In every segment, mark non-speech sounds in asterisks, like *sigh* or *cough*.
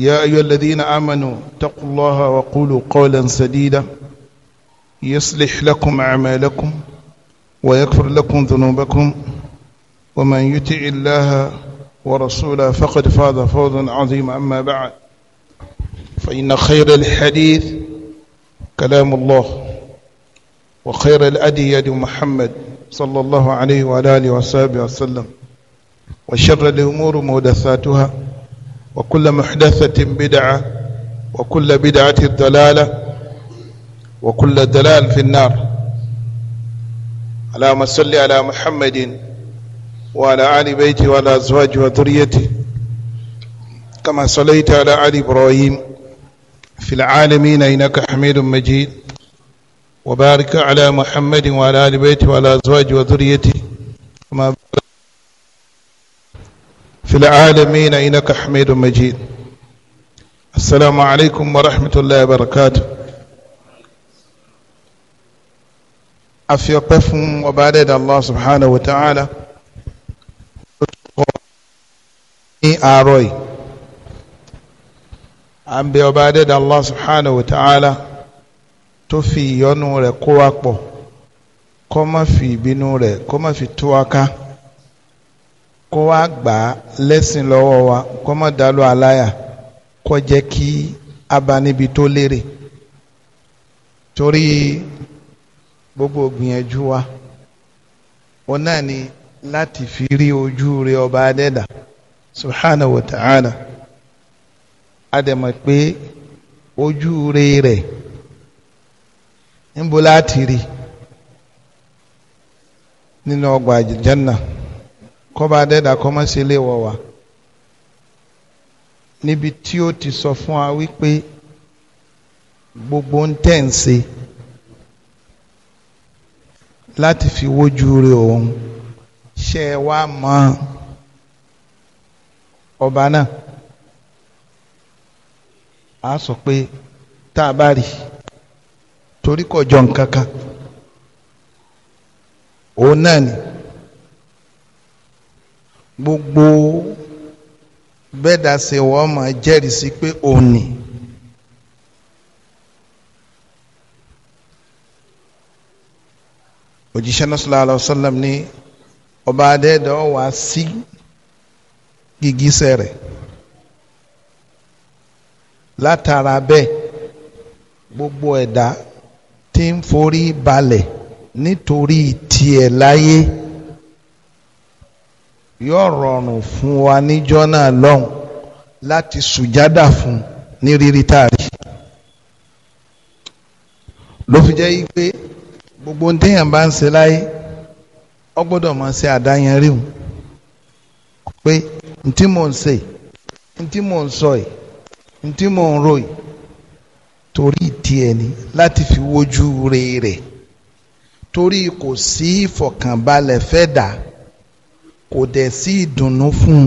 يا أيها الذين آمنوا اتقوا الله وقولوا قولا سديدا يصلح لكم أعمالكم ويغفر لكم ذنوبكم ومن يطع الله ورسوله فقد فاز فوزا عظيما أما بعد فإن خير الحديث كلام الله وخير الأدي يد محمد صلى الله عليه وعلى آله وصحبه وسلم وشر الأمور محدثاتها وكل محدثة بدعة وكل بدعة ضلالة وكل دلال في النار اللهم صل على محمد وعلى آل بيته وعلى أزواجه وذريته كما صليت على آل إبراهيم في العالمين إنك حميد مجيد وبارك على محمد وعلى آل بيته وعلى أزواجه وذريته كما في العالمين إنك حميد مجيد السلام عليكم ورحمة الله وبركاته أفي قفهم وبعدد الله سبحانه وتعالى ní àárọ̀ yìí à ń bẹ ọba adẹ́dàá Allah subhanahu wa ta'ala tó fi ìyọ́nú rẹ̀ kó wa pọ̀ kó má fi ìbínú rẹ̀ kó má fi tú wa ká kó wá gbà á lẹ́sìn lọ́wọ́ wa kó má dálọ́ aláyà kó jẹ́ kí a bá níbi tó lérè torí gbogbo gbìyànjú wa òun náà ni láti fi rí ojú rẹ ọba adẹ́dà subhanahu wa ta'ala adẹ̀mọ̀ pé ojú rẹ rẹ̀ níbo láti rí nínú ọgbà àjẹjẹ́ náà kọba adẹ́dà kọ́mọ́sí lè wọ̀ wá níbi tí ó ti sọ fún wa wípé gbogbo ń tẹ̀ ń ṣe láti fi wójú rẹ òun ṣe é wá mọ ọba náà a sọ pé tá a bá rí torí kò jọ nǹkan òun náà ni gbogbo bẹ́ẹ̀dá ṣe wọ́n máa jẹ́rìí sí pé òun ni. òjíṣẹ́ náà sallallahu alaihi wasallam ní ọba adẹ́ẹ̀dọ́ wá sí gìgísẹ̀ rẹ̀ látara bẹ́ẹ̀ gbogbo ẹ̀dá tí ń forí balẹ̀ nítorí tiẹ̀ láyé. E yóò rọrùn fún wa níjọ́ náà lọ́hùn láti sùjádà fún ní rírí táàrí ló fi jẹ́ yí gbogbo ohun téèyàn bá ń ṣe láyé ọ gbọ́dọ̀ máa ṣe àdáyẹn ríhùn pé ntí mò ń ṣe ntí mò ń sọ mò ń torí láti fi wojú rere torí kò sí ìfọ̀kànbalẹ̀ fẹ́ kò dẹ̀ sí ìdùnnú fún un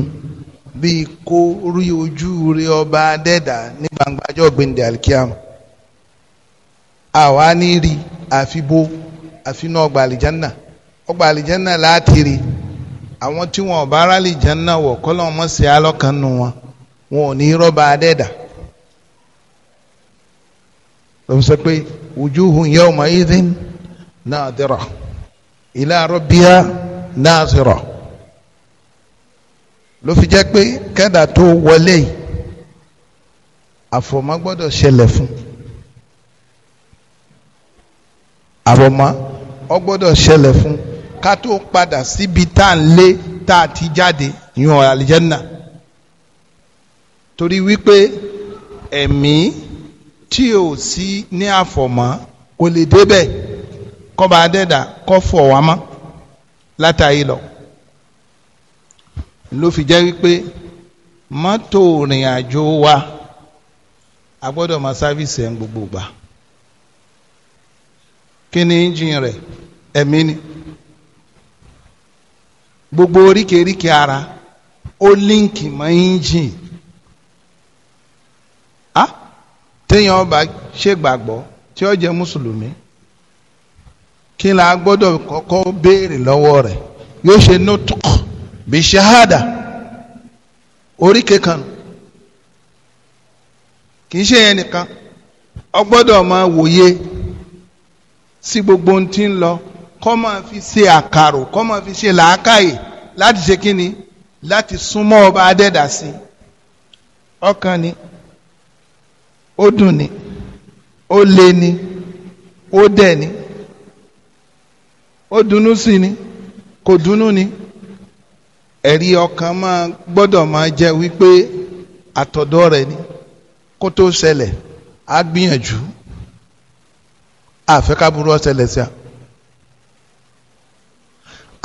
bíi kó rí ojú rí ọba adẹ́dà ní gbangbajọ́ gbẹ̀ndẹ̀ alikiam àwa ní rí àfibó àfinú ọgbà àlìjánná ọgbà àlìjánná láti rí àwọn tí wọn ọba ara àlìjánná wọ kọ́lọ́ wọn sì alọ́kan nu wọn wọn ò ní rọ́bà adẹ́dà ló sọ pé wujuhun yawma idhin nadira ila rabbiha nazira ló fi jẹ́ pé kẹ́dà tó wọlé yìí àfọ̀mọ́ gbọ́dọ̀ ṣẹlẹ̀ fún àfọ̀mọ́ ọ gbọ́dọ̀ ṣẹlẹ̀ fún ká tó padà síbi tá à ń lé tá a ti jáde yun àlìjẹ́nà torí wípé ẹ̀mí tí ò sí ní àfọ̀mọ́ kò lè débẹ̀ kọ́ba adẹ́dà kọ́ fọ̀ wá mọ́ látàyè lọ ló fi jẹ́ wípé mọ́tò rìn àjò wa a gbọ́dọ̀ máa sáfíìsì ẹ̀ ń gbogbo gbà kí ni engine rẹ̀ ẹ̀mí ni gbogbo oríkèéríkèé ara ó líǹkì mọ́ engine ah téèyàn ọba ṣègbàgbọ́ tí ó jẹ́ mùsùlùmí kí la gbọ́dọ̀ kọ́kọ́ béèrè lọ́wọ́ rẹ̀ yóò ṣe nótùk Bi shahada oríkè kan kì í ṣe yẹn nìkan ọ gbọ́dọ̀ máa wòye sí gbogbo ohun tí ń lọ kọ́ máa fi ṣe àkàrò kọ́ máa fi ṣe làákàyè láti ṣe kí láti súnmọ́ ọba adẹ́dà sí i ọkàn ni ó dùn ni ó le ni ó dẹ̀ ni ó dunnú sí ni kò dunnú ni ẹ̀rí ọkàn máa gbọ́dọ̀ máa jẹ́ wípé àtọ̀dọ̀ rẹ̀ ni kó tó ṣẹlẹ̀ á gbìyànjú àfẹ́ káburú ó ṣẹlẹ̀ sí a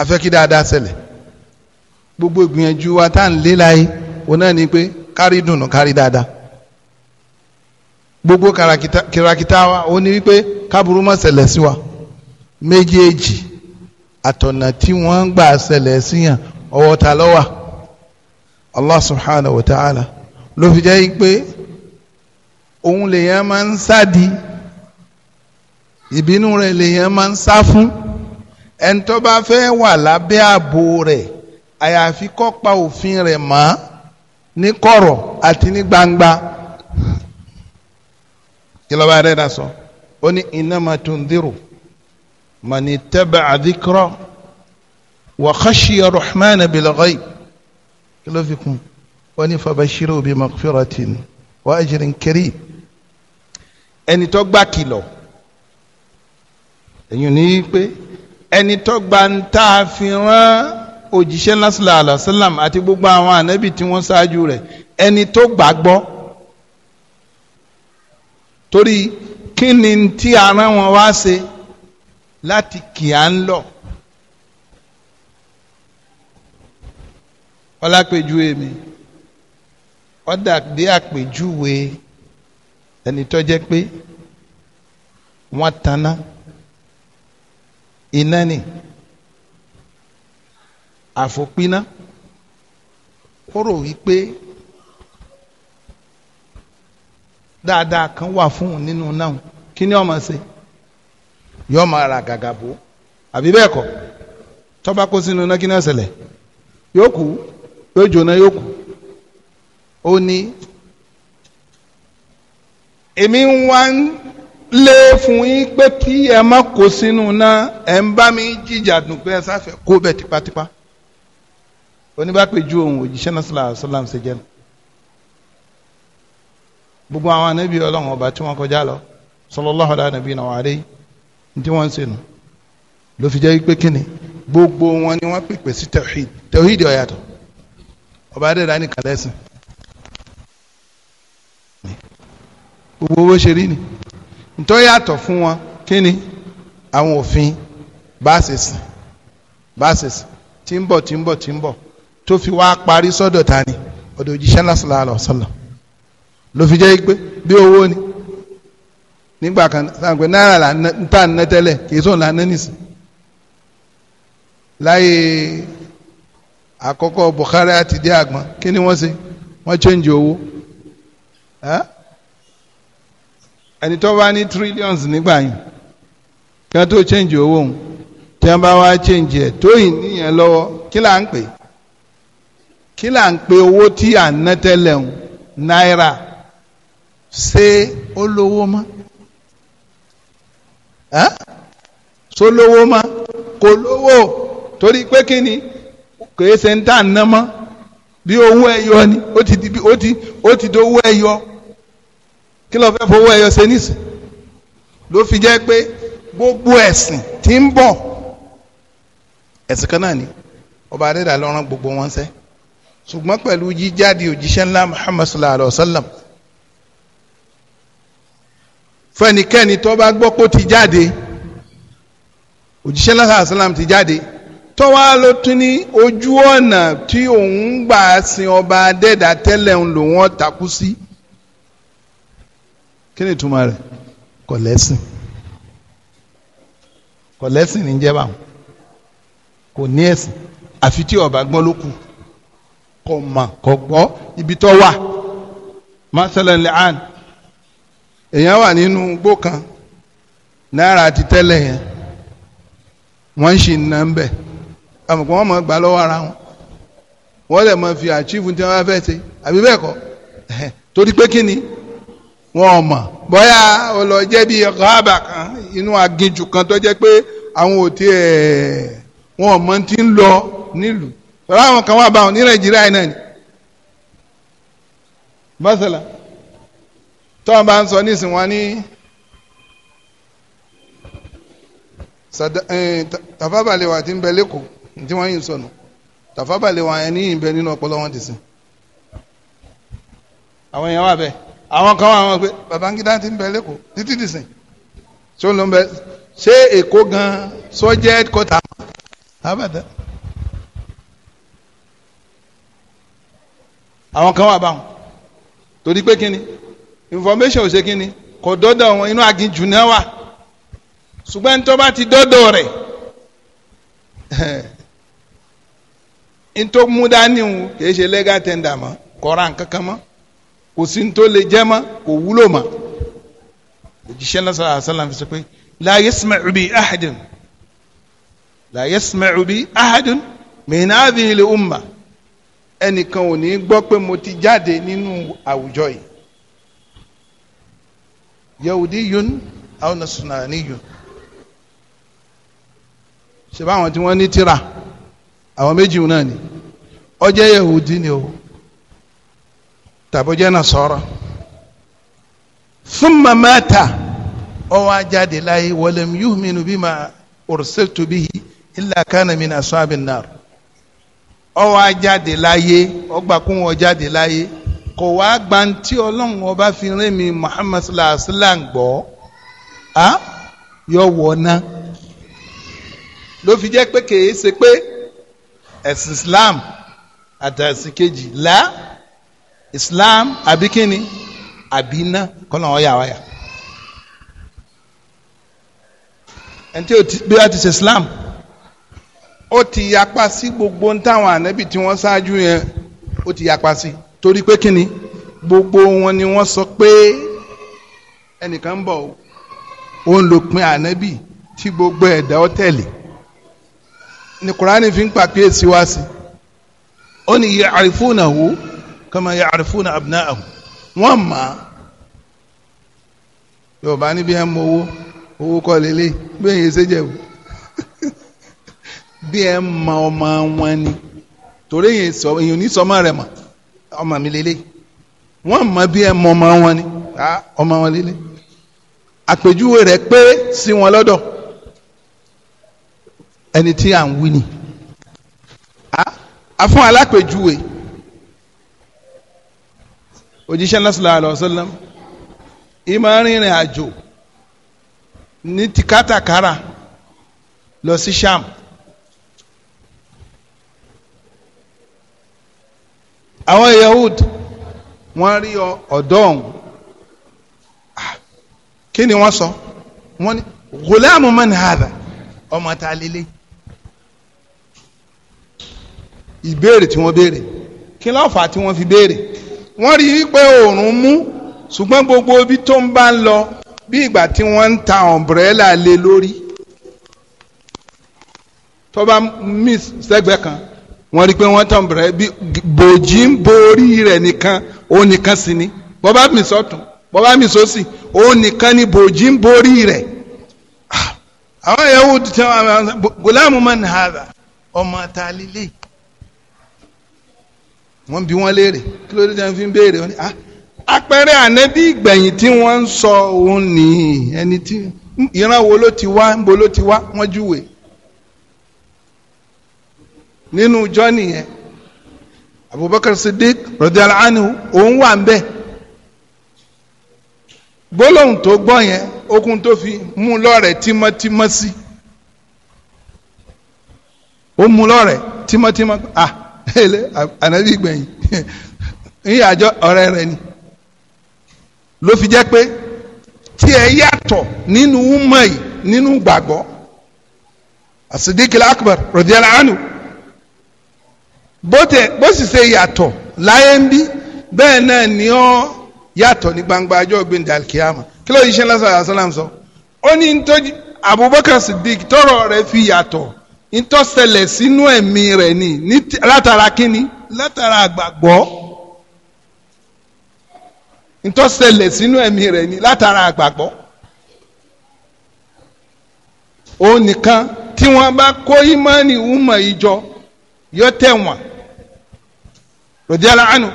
àfẹ́ kí dáadáa ṣẹlẹ̀ gbogbo ìgbìyànjú wa tá à ń lé láyé òun náà ni pé kárí dùnú kárí dáadáa gbogbo kìràkìtà wa ó ní wípé káburú má ṣẹlẹ̀ sí wa méjèèjì àtọ̀nà tí wọ́n ń gbà ṣẹlẹ̀ síyàn ọwọ́ ta lọ́wà allah subhanahu wa ta'ala ló fi jẹ́ pé òun lèèyàn máa ń sádi ìbínú rẹ̀ lèèyàn máa ń sá fún ẹni tó bá fẹ́ wà lábẹ́ ààbò rẹ̀ àyàfi kó pa òfin rẹ̀ mọ́ ní kọ̀rọ̀ àti ní gbangba kí ló dà sọ ó ní innama tundhiru mani taba'a dhikra wa khashiya rahman bil ghaib kí ló fi kún wọ́n ní fabashiru bi maghfiratin wa ajrin karim ẹni tó gbà kìlọ̀ èyí ni pé ẹni tó gbà ń tá a fi rán òjíṣẹ́ lásìlá àlàsílám àti gbogbo àwọn ànábì tí wọ́n ṣáájú rẹ̀ ẹni tó gbàgbọ́ torí kí ni tí ara wọn wá ṣe láti kì á ń lọ. ọlápẹjúwe mi ó dà bí àpèjúwe ẹni tó jẹ́ pé wọ́n taná iná ni àfòpiná ó rò wípé dáadáa kan wà fún un nínú náà kí ni ó ṣe yóò máa ra gàgàbó àbí bẹ́ẹ̀ kọ́ tó kó sínú náà kí ni ó yóò kú. pé jòna yòókù ó ní èmi ń wá ń lé fún yín pé kí ẹ má kó sínú ẹ ń bá mi jíjà dùn pé ẹ sáfẹ́ kó bẹ̀ tipátipá oníbàpẹ̀jù òun òjíṣẹ́ náà sọ̀rọ̀ àṣọlá ṣe gbogbo àwọn anabi ọlọ́run ọba tí wọn kọjá lọ sallallahu ala nabina wa alayhi tí wọ́n ń sènù ló fi jẹ́ gbogbo wọn ni wọ́n pèpè sí tawhid tawhid ọba adẹ́dá nìkan lẹ́sìn gbogbo owó ṣe rí ni nítorí yàtọ̀ fún wọn kí ni àwọn òfin bases báṣẹ̀sì tí ń bọ̀ tí ń bọ̀ tí ń bọ̀ tó fi wá parí sọ́dọ̀ ta ni ọ̀dọ̀ òjíṣẹ́ lásìlá àlọ́sọ̀lá ló fi jẹ́ pé bí owó ni nígbà kan sáàpẹ náírà là ń tà ń nẹ́tẹ́lẹ̀ kì í sóun ń láyé. àkọ́kọ́ buhari àti dé àgbọn kí ni wọ́n ṣe wọ́n change owó ẹni tó bá ní trillions nígbà yìí kí wọ́n tó change owó òun tí wọ́n bá wá change ẹ̀ tó yìí níyẹn lọ́wọ́ kí là ń pè kí là ń pè owó tí à ń ná tẹ́lẹ̀ ń náírà ṣé ó lówó mọ́ ṣó lówó mọ́ kò lówó torí pé kí ni kèé ṣe ń tà ná mọ́ bí owó ẹyọ ni ó ti di ó ti ó ti di owó ẹyọ kí ló fẹ́ fowó ẹyọ ṣe nísìn ló fi jẹ́ pé gbogbo ẹ̀sìn tí ń bọ̀ ẹ̀sìn kan náà ni ọba adéda lọ́rán gbogbo wọn sẹ́ ṣùgbọ́n pẹ̀lú jíjáde òjíṣẹ́ ńlá Muhammad sallallahu alayhi wa sallam fẹ́nikẹ́ni tó bá gbọ́ pé ó ti jáde òjíṣẹ́ ńlá sallallahu alayhi wa sallam ti jáde tọ́wá ló tún ní ojú ọ̀nà tí òun gbà sin ọba adẹ́dà tẹ́lẹ̀ ń lò wọ́n takú sí. kí ni ìtumọ̀ rẹ̀ kò lẹ́sìn kò lẹ́sìn ní jẹ́ báwọn kò ní ẹ̀sìn àfi tí ọba gbọ́n ló kù kò mà kò gbọ́ ibi tó wà masalan li'an èèyàn wà nínú igbó kan náírà ti tẹ́lẹ̀ yẹn wọ́n ń ṣì ń ná àmọ̀kọ́ wọn mọ̀ gbà lọ́wọ́ ara wọn wọ́n lè mọ̀ fi àchífù tí wọ́n bá fẹ́ ṣe àbí bẹ́ẹ̀ kọ́ *laughs* torí pé kí ni wọ́n mọ̀ bóyá o lọ jẹ́ bí rábà kan inú aginjù kan tó jẹ́ pé àwọn ò ẹ̀ wọ́n mọ̀ ti ń lọ nílùú tọ́lá àwọn kan wà báwọn ní nàìjíríà náà ni mọ́sálà tọ́wọ́n bá ń sọ nísìnyí wọn ní. Eh, tàfàbàlẹ̀ wà ń bẹ lẹ́kọ̀ọ́ tí wọ́n yìí sọnù tàfábàlẹ̀ wọn ẹni yìí bẹ nínú ọpọlọ wọn ti sìn àwọn èèyàn wà bẹ àwọn kan wà wọn pé Babangida ti ń bẹ lẹ́kọ̀ọ́ títí ti sìn tí ló ń bẹ ṣé Èkó gan sọjẹ kọta abàdà àwọn kan wà báwọn torí pé kíni information ò ṣe kíni kò dọ́dọ̀ wọn inú aginjù náà wà ṣùgbọ́n tó bá ti dọ́dọ̀ rẹ̀. *laughs* ntó mú dání o kìí ṣe legal tender mọ́ kọ́ra nkankan mọ́ kò sí ntó lè jẹ́ mọ́ kò wúlò mọ́ òjíṣẹ́ náà sọ̀rọ̀ àṣàlàn fi sọ pé la yasma'u bi ahadun la yasma'u bi ahadun min hadhihi li ẹnìkan ò ní gbọ́ pé mo ti jáde nínú àwùjọ yìí yahudiyun aw nasraniyun ṣe báwọn tí wọ́n ní tírà àwọn méjì náà ni ó jẹ́ yahudi ni o tàbí ó jẹ́ nasara thumma mata ó wá jáde láyé walam yu'minu bima ursiltu bihi illa kana min ashabin nar ó wá jáde láyé ó gbà kún ó láyé kò wá gbanti ọlọ́run ọba fi rẹ́ muhammad sallallahu alaihi wa sallam gbọ́ yọ wọ̀ ná ló fi jẹ́ pé kèé ṣe pé ẹ̀sìn Islam àtẹ̀sìn kejì la Islam àbí abina àbí iná kọ́nà ọ̀yà ọ̀yà. ẹni bí wọ́n ti ṣe Islam ó ti yapa sí gbogbo táwọn ànábì tí wọ́n ṣáájú yẹn ó ti yapa sí torí pé kíni gbogbo wọn ni wọ́n sọ pé ẹnìkan ń bọ̀ ó ń lòpin ànábì tí gbogbo ẹ̀dá ó tẹ̀lé ni kuraani fi ń pàkíyèsí wá sí ó ní ya'rifunahu kama ya'rifuna abna'ahu wọ́n mọ̀ á yorùbá níbi ẹ̀ ń mọ owó owó kọ́ lélẹ̀ bí èyí ṣe jẹ̀bù *laughs* bí ẹ̀ ń mọ ọmọ wọn ni torí èyí ò ní sọmọ rẹ̀ mọ̀ ọmọ mi lélẹ̀ wọ́n mọ̀ bí ẹ̀ mọ ọmọ wọn ni ọmọ wọn lélẹ̀ àpèjúwe rẹ̀ pé sí wọn lọ́dọ̀ ẹni tí à ń wí ni a fún alápèjúwe òjíṣẹ́ sallallahu alaihi wasallam ìmọ̀ rìnrìn àjò ní ti kátàkárà lọ sí sham. àwọn yahud wọ́n rí ọ̀dọ́ ọ̀hún kí ni wọ́n sọ wọ́n ní gulaamu man ọmọ tá a ìbéèrè tí wọ́n béèrè kí ló fà á tí wọ́n fi béèrè wọ́n rí i pé oòrùn mú ṣùgbọ́n gbogbo ibi tó ń bá ń lọ bí ìgbà tí wọ́n ń ta ọ̀mbrẹ́là lé lórí tó bá miss sẹ́gbẹ́ kan wọ́n rí i pé wọ́n tán ọ̀mbrẹ́ bí bòjì ń borí rẹ̀ nìkan ó nìkan sí ni bọ́bá mi sọ̀tún bọ́bá mi sọ́sì ó nìkan ni bòjì ń borí rẹ̀ ah, àwọn yahoo ti tẹ́ wọn gùlámù man ọmọ ta lílé yìí wọ́n bi wọ́n léèrè kí ló dé tí wọ́n fi ń béèrè wọ́n ní ah apẹ̀rẹ̀ ànẹ́bí ìgbẹ̀yìn tí wọ́n ń sọ òun ní ẹni tí ìran wo ló ti wá ń bo ló ti wá wọ́n júwe nínú jọ́nì yẹn Abubakar Siddiq radiyallahu anhu òun wà ń bẹ̀ gbólóhùn tó gbọ́ yẹn okun tó fi mú lọ́rẹ̀ tímọ́tímọ́ sí ó mú lọ́rẹ̀ tímọ́tímọ́ ah ele ànábì gbẹ̀yìn ní àjọ ọ̀rẹ́ rẹ ni ló fi jẹ́ pé tí ẹ yàtọ̀ nínú mọ̀ yìí nínú gbàgbọ́ asidikil akbar rọdíẹ́lá anu bó tẹ bó sì ṣe yàtọ̀ láyé ń bí bẹ́ẹ̀ náà ni ó yàtọ̀ ní gbangba ajọ́ gbẹ̀ndẹ̀ alikiyama kí ló yìí ṣe lásán àṣàlám sọ ó ní tó Abubakar Siddiq tọrọ rẹ fi yàtọ̀ ntọ́sẹlẹ̀ sínú ẹ̀mí rẹ̀ ni látara kíni látara àgbàgbọ́ ntọ́sẹlẹ̀ sínú ẹ̀mí rẹ̀ ni látara àgbàgbọ́ òun nìkan tí wọ́n bá kó ìmọ̀ọ́nì ìwúmọ̀ ìjọ yóò tẹ̀wọ̀n rọ̀díàlá àánú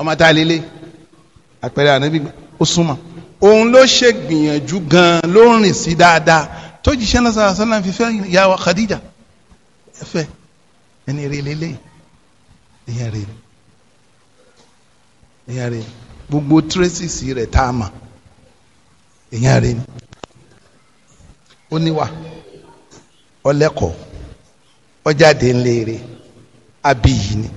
ọmọ tá a lélẹ̀ àpẹẹrẹ ànábìgbà ó súnmọ́ òun ló ṣe gbìyànjú gan-an ló rìn sí dáadáa tó jíṣẹ́ náà sàrà sọ́nà fífẹ́ yàwó Khadija ẹ̀fẹ́ ẹni rè lélẹ̀ ìyẹn rè ìyẹn rè gbogbo tírẹ́sìsì rẹ̀ tá a mà ìyẹn rè ó níwà ọlẹ́kọ̀ọ́ ọjáde ńlẹ́rẹ́ abiyi ni.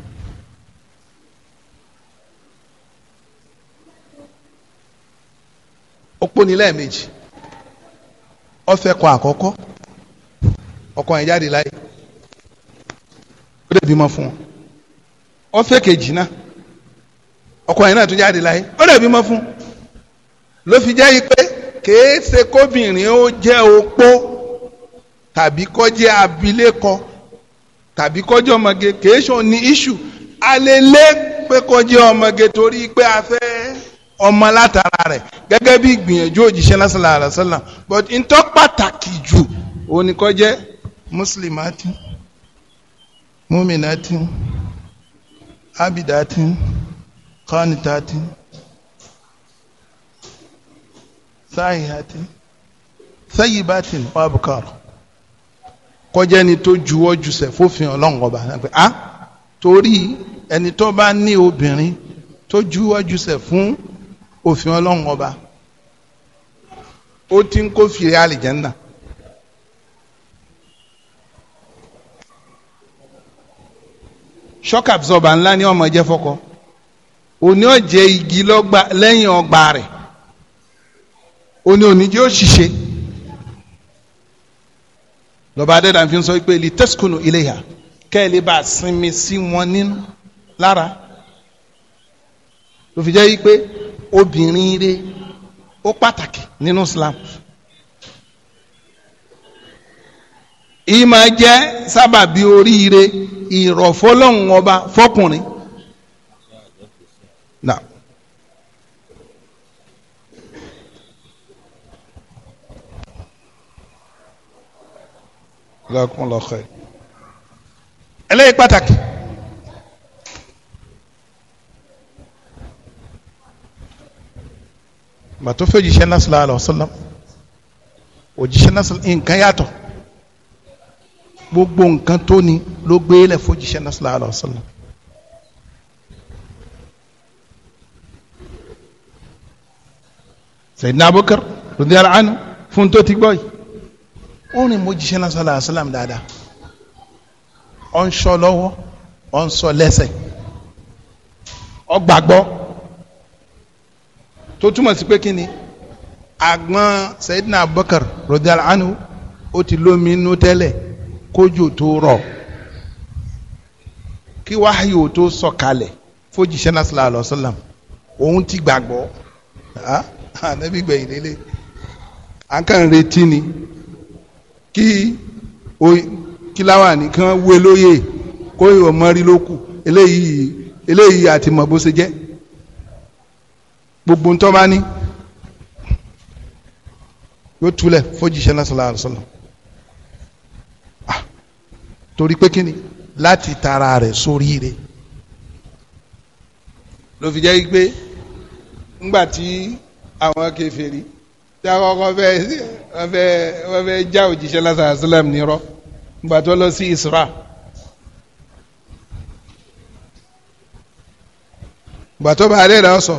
ó pọ́ni lẹ́ẹ̀mejì ọfẹ kọ àkọ́kọ́ ọkọ yẹn jáde láyé ó dẹ̀ bímọ fún ọ ọfẹ kejì náà ọkọ yẹn náà tún jáde láyé ó dẹ̀ bímọ fún ló fi jẹ́ yí pé kèé ṣe kóbìnrin ó jẹ́ opó tàbí kó abilékọ tàbí kó ọmọge kèé ṣe òní iṣu alẹ́ lé pé kó ọmọge torí pé a fẹ́ ọmọ látara rẹ̀ gẹ́gẹ́ bí gbìyànjú òjíṣẹ́ lásìlá àlàsílà but ntọ́ pàtàkì jù òní kọ́ jẹ́ muslimati muminati abidati kọ́nitati sáyihati sẹ́yìnbátin wàbùkàr kọjá ẹni tó juwọ́ jùsẹ̀ fófin ọlọ́ngọba pé ah torí ẹni tó bá ní obìnrin tó juwọ́ jùsẹ̀ fún òfin ọlọ́run ọba ó ti ń kó fìrí àlìjẹ́nà. shock absorber ńlá ní ọmọ jẹ́ fọ́kọ òní ọ̀jẹ̀ igi lẹ́yìn ọgbà rẹ̀ òní òní jẹ́ òṣìṣẹ́ lọ́ba adẹ́dà fi ń sọ pé lè tẹ́sùkùnù ilé yà kẹ́ bá sinmi sí wọn nínú lára ló yí pé obìnrin rẹ ó pàtàkì nínú Islam ìmọ̀ jẹ́ sábàbí oríire ìrọ̀fọ́lọ́hún ọba fọkùnrin. lọ́kùnlọ́kọ̀ ẹ̀. eléyìí pàtàkì. gbàtó fẹ́ òjíṣẹ́ náà sallallahu alaihi wasallam òjíṣẹ́ náà nǹkan yàtọ̀ gbogbo nǹkan tó ni ló gbé lẹ̀ fòjíṣẹ́ náà sallallahu alaihi wasallam. Sayyidina Abubakar radiyallahu anhu fún tó ti gbọ́ yìí ó rìn mójíṣẹ́ náà sallallahu alaihi sallam dáadáa ó ń sọ lọ́wọ́ ó ń sọ lẹ́sẹ̀ ó gbàgbọ́ tó túmọ̀ sí pé kí ni àgbọn Sayyidina Abubakar rọdíàlá anu ó ti lómi inú tẹ́lẹ̀ kójú tó rọ̀ kí wáhàyè ò tó sọ̀kalẹ̀ fojìṣẹ́ náà sallallahu alaihi wasallam òun ti gbàgbọ́ ànábì gbẹ̀yìn lélẹ̀ à ń kàn retí ni kí kíláwà nìkan wé lóye kó mọ́rí ló eléyìí eléyìí àti mọ̀ bó ṣe jẹ́ gbogbo ntọ́ bá ní yóò túlẹ̀ fojìṣẹ́ náà sallallahu alaihi wasallam ah torí pé kíni láti tara rẹ̀ sórí rẹ̀ ló fi jẹ́ pé ńgbà tí àwọn kèfèrí tí àwọn ọkọ fẹ́ fẹ́ fẹ́ já òjìṣẹ́ náà sallallahu nírọ́ ńgbà tó lọ sí Isra. gbàtọ́ bá a lè rà ọ sọ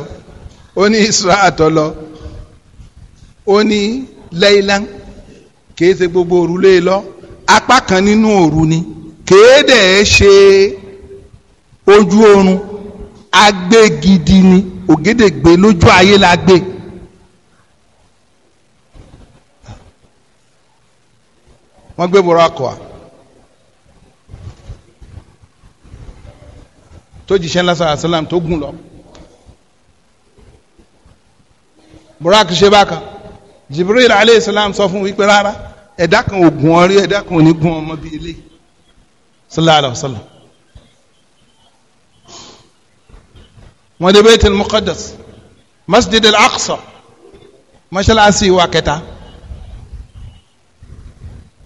ó ní isra àtọlọ ó ní lẹ́ilán kìí ṣe gbogbo òru lé lọ apá kan nínú òru ni kìí dẹ̀ ṣe ojú oorun agbé gidi ni ògédègbé lójú ayé la gbé. wọ́n gbé burakọ a tó jíṣẹ́ lásán àṣálàm tó gùn lọ. burak ṣe bákan jibril alayhi salam sọ fún wípé rárá ẹ̀dá kan ò gun ọrí ẹ̀dá kan ò ní gun ọmọ bíi ilé sallallahu alayhi wa sallam wọ́n dé baitul muqaddas masjid al-aqsa mọ́ṣáláṣí wa kẹta